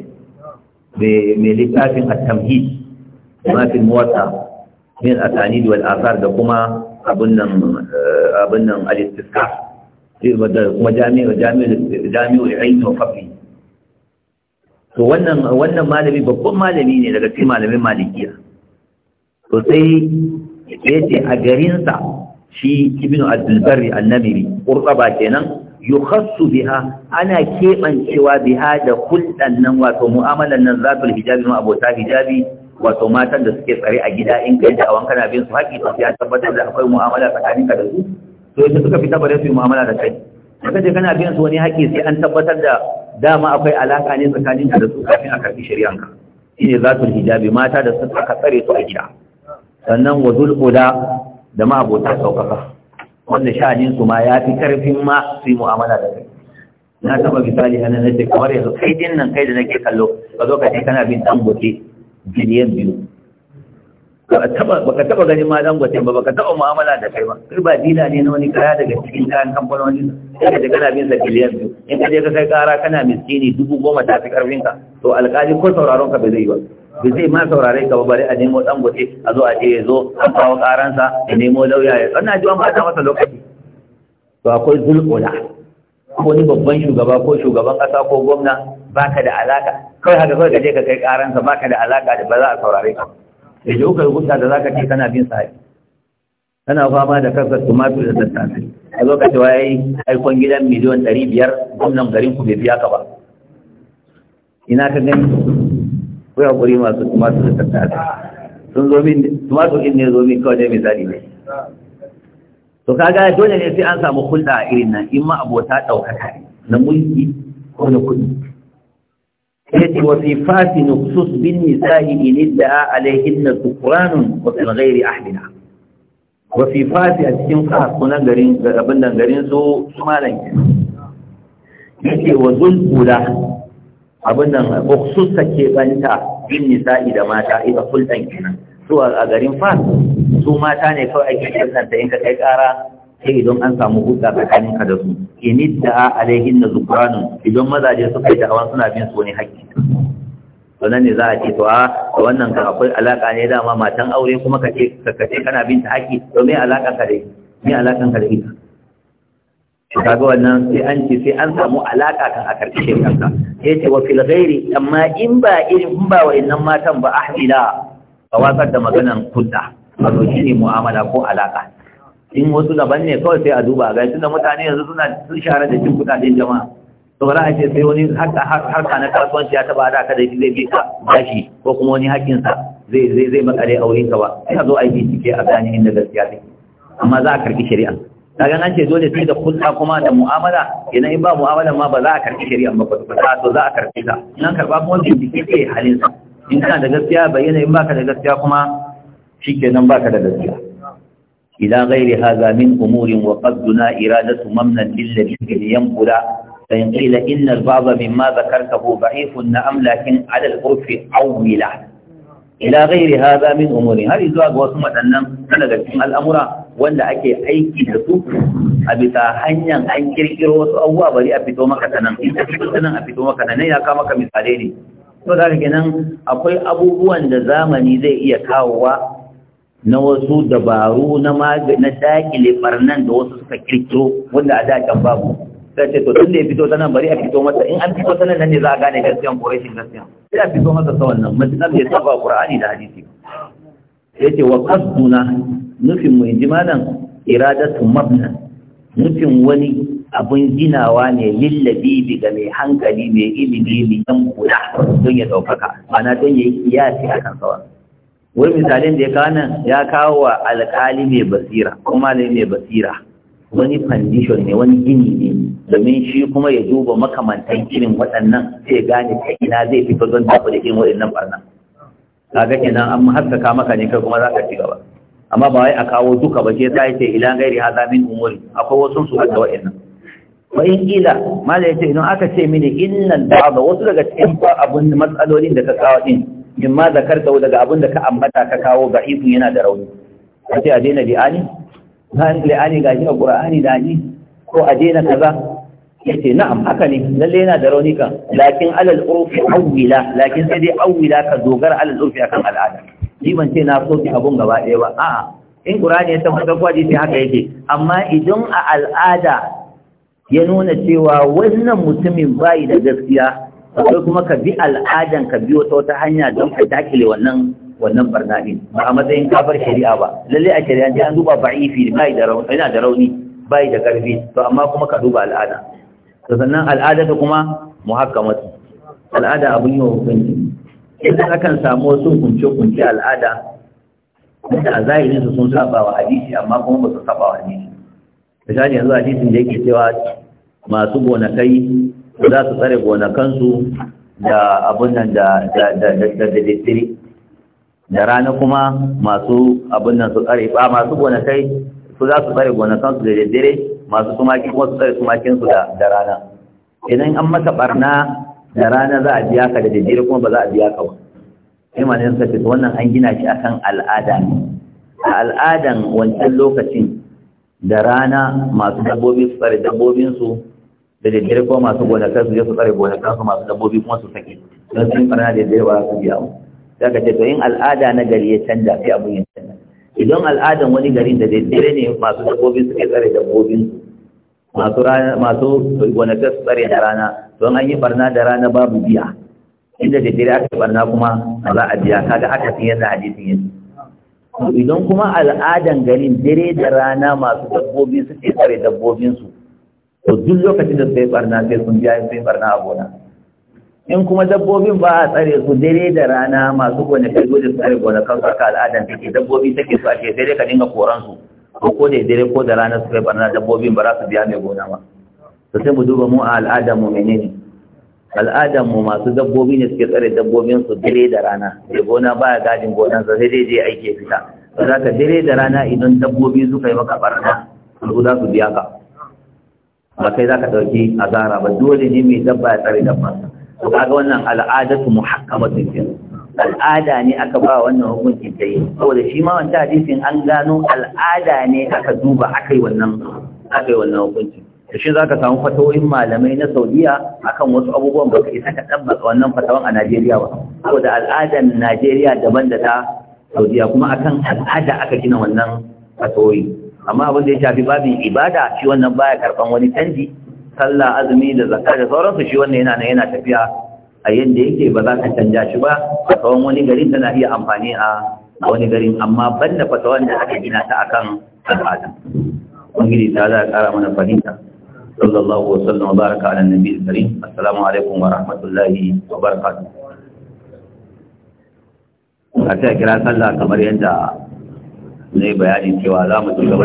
mai littafin at-tamhid ma fi muwatta min asanid wal asar da kuma abun nan eh, abun nan al-istisqa kuma jami'u jami'u jami'u ilmi wa faqih to wannan wannan malami babban malami ne daga cikin malamin malikiya to sai ya ce a garinsa shi ibn abdulbari annamiri ƙurƙaba kenan yukhassu biha ana keɓancewa biha da hulɗan nan wato mu'amalan nan zatul hijabi ma abota hijabi wato matan da suke tsare a gida in kai da wanka na bin su haƙi to sai tabbatar da akwai mu'amala tsakaninka da su to yadda suka fita bare su yi mu'amala da kai suka ce kana bin su wani haƙi sai an tabbatar da dama akwai alaƙa ne tsakaninka da su kafin a karɓi shari'anka shine zatul hijabi mata da suka tsare su a gida sannan wa zulhuda da ma abota saukaka wanda sha'anin su ma ya fi karfin ma su yi mu'amala da kai na taba misali a nan ce kamar yanzu kai din nan kai da nake kallo ka zo ka ce kana bin dangote biliyan biyu baka taba ganin ma dangote ba baka taba mu'amala da kai ba kai ba dila ne na wani kaya daga cikin kayan kamfanoni sai ka ce kana bin sa biliyan biyu in ka je ka kai kara kana miskini dubu goma ta fi karfin ka to alƙali ko sauraron ka bai zai yi ba ba zai ma saurare ka ba bari a nemo dan gote a zo a je ya zo an kawo karansa ya nemo lauya ya tsana ji an ba masa lokaci to akwai zulkula ko ni babban shugaba ko shugaban kasa ko gwamna baka da alaka kawai haka kawai ka je ka kai karansa baka da alaka da ba za a saurare ka da ji uka rubuta da zaka ce kana bin sahabi kana fama da kasar tumatur da tattasai a lokacin wa yayi aikon gidan miliyan ɗari biyar gwamnan garin ku bai biya ka ba ina ka gani ko ya masu tumatur da tattata sun zo min tumatur in ne zo min kawai dai misali ne to kaga dole ne sai an samu hulɗa a irin nan in ma abota ɗaukaka na mulki ko na kuɗi yace wa fi fatin khusus bin nisa'i in idda'a alaihinna sukranun wa fil ghairi ahlina wa fi a cikin kasunan garin abin nan garin su malam yace wa zulkula abin nan su ke banta bin nisa'i da mata ita fulɗan kenan su a garin fas su mata ne kawai ake kirkanta in ka kai ƙara sai idan an samu hulɗa tsakanin ka da su inid da alaihin na zukranun idan mazaje suka yi awan suna bin su wani haƙƙi wannan ne za a ce to a wannan ka akwai alaka ne dama matan aure kuma ka ce kana bin ta haƙƙi to me alakan ka da me alakan ka da ita kaga wannan sai an ce sai an samu alaka kan a karkashe kanka sai ce wa fil ghairi amma in ba irin in ba wayannan matan ba ahmila ba watsar da maganan kudda wato shine mu'amala ko alaka in wasu daban ne kawai sai a duba ga tunda mutane yanzu suna sun share da cin kudaden jama'a to bara a ce sai wani harka na kasuwanci ya taba da ka da zai bi ka gashi ko kuma wani sa zai zai zai makare ka ba sai a zo a yi bincike a gani inda gaskiya take amma za a karki shari'a daga an ce dole sai da hulɗa kuma da mu'amala idan in ba mu'amala ma ba za a karɓi shari'a ba ba to za a karɓi ta Idan an karɓa kuma bincike ke halin sa in kana da gaskiya bayyana in baka da gaskiya kuma shikenan baka da gaskiya ila ghairi hadha min umurin wa qadduna iradatu mamnan lil ladhi yanbula فإن قيل إن البعض مما ذكرته ضعيف نعم لكن على العرف عولا ila ghairi hadha min umuri har zuwa ga wasu madannan daga cikin al'amura wanda ake aiki da su a bisa hanyar an kirkiro wasu abubuwa bari a fito maka tanan in ka fito tanan a fito maka nan ya kama ka misali ne to da ga nan akwai abubuwan da zamani zai iya kawowa na wasu dabaru na na dakile barnan da wasu suka kirkiro wanda a da can babu sai ce to tun da ya fito ta nan bari a fito masa in an fito ta nan ne za a gane gaskiyan ko rashin gaskiya sai a fito masa ta wannan matuƙar ya saba qur'ani da hadisi ya ce wa qasduna nufin mu iradatu mabna nufin wani abun ginawa ne lillabi ga mai hankali mai ilimi mai dan kula don ya ɗaukaka mana don ya yi kiyasi a kan Wani wani misalin da ya kawo nan ya kawo wa alƙali mai basira kuma ne mai basira wani condition ne wani gini ne domin shi kuma ya duba makamantan irin waɗannan sai gane ta ina zai fito don tafi da irin waɗannan barnan kaga kenan an haskaka maka ne kai kuma za ka ci gaba amma ba wai a kawo duka ba sai sai ce ila gairi haza min umuri akwai wasu su hadda waɗannan ba in kila ya ce idan aka ce mini innal ba'da wasu daga cikin abun matsalolin da ka kawo din in ma zakarta daga abun da ka ambata ka kawo da'ifun yana da rauni sai a daina bi'ani kan qur'ani gaji a qur'ani da ni ko a daina kaza yace na'am haka ne lalle yana da rauni kan lakin alal urfi awwila lakin sai dai awwila ka dogara alal urfi akan al'ada ni ban ce na so ki abun gaba ɗaya ba a'a in qur'ani ya tabbata ko sai haka yake amma idan a al'ada ya nuna cewa wannan mutumin bayi da gaskiya akwai kuma ka bi al'adan ka biyo ta wata hanya don ka dakile wannan wannan barna din ba a matsayin kafar shari'a ba lalle a shari'a an duba ba'ifi bai da rauni yana da rauni bai da karfi to amma kuma ka duba al'ada to sannan al'ada ta kuma muhakkamatu al'ada abun yi wa hukunci idan akan samu wasu kunce kunce al'ada da a zahirin su sun saba wa hadisi amma kuma ba su saba wa hadisi misali yanzu hadisin da yake cewa masu gonakai za su tsare gonakansu da abun nan da da da da da da rana kuma masu abin nan su tsare ba masu gonakai su za su tsare gonakansu da daddare masu tumaki kuma su tsare tumakinsu da rana idan an maka barna da rana za a biya ka da daddare kuma ba za a biya ka ba imanin suka ce wannan an gina shi akan al'ada ne a al'adan wancan lokacin da rana masu dabbobi su tsare dabbobinsu da daddare kuma masu su je su tsare gonakansu masu dabbobi kuma su sake don sun farna da daddare ba za su biya ba daga ka ce to in al'ada na gari ya canja fi abin ya canja idan al'adan wani gari da daidai ne masu dabbobin suke tsare dabbobin masu rana masu wani ta tsare da rana don an yi barna da rana babu biya inda da aka aka barna kuma za a biya kaga aka fi yadda hadisin yadda. idan kuma al'adan garin dare da rana masu dabbobi suke tsare dabbobinsu to duk lokacin da sai barna sai sun biya sai barna a gona in kuma dabbobin ba a tsare su dare da rana masu gonakai dole gudun tsare gonakan su aka al'adar take dabbobi take su ake sai dai ka dinga koran su ko ko da dare ko da rana su kai barna dabbobin ba za su biya mai gona ba to sai mu duba mu a al'adar mu menene al'adar mu masu dabbobi ne suke tsare dabbobin su dare da rana da gona baya gadin gonan sa sai dai je aike fita ba za ka dare da rana idan dabbobi su yi maka barna su za su biya ka ba kai za ka ɗauki gara ba dole ne mai dabba ya tsare dabbansa to kaga wannan al'adatu muhakkamatun fil al'ada ne aka ba wannan hukuncin ta yi saboda shi ma wancan hadisin an gano al'ada ne aka duba akai wannan aka wannan hukuncin da shi za ka samu fatawoyin malamai na saudiya akan wasu abubuwan ba ka isa ka ɗabbaka wannan fatawan a najeriya ba saboda al'adan najeriya daban da ta saudiya kuma akan al'ada aka gina wannan fatawoyi amma abin da ya shafi babin ibada shi wannan baya karɓan wani canji sallah azumi da zakka da sauransu shi wannan yana yana tafiya a yadda yake ba za ka canja shi ba a tsawon wani gari tana iya amfani a wani garin amma banda fata wanda aka gina ta akan al'ada ubangiji ta za a kara mana fahimta sallallahu wa sallam wa baraka ala nabi karim assalamu alaikum wa rahmatullahi wa barakatuh a ta kira sallah kamar yadda zai bayani cewa za mu ci gaba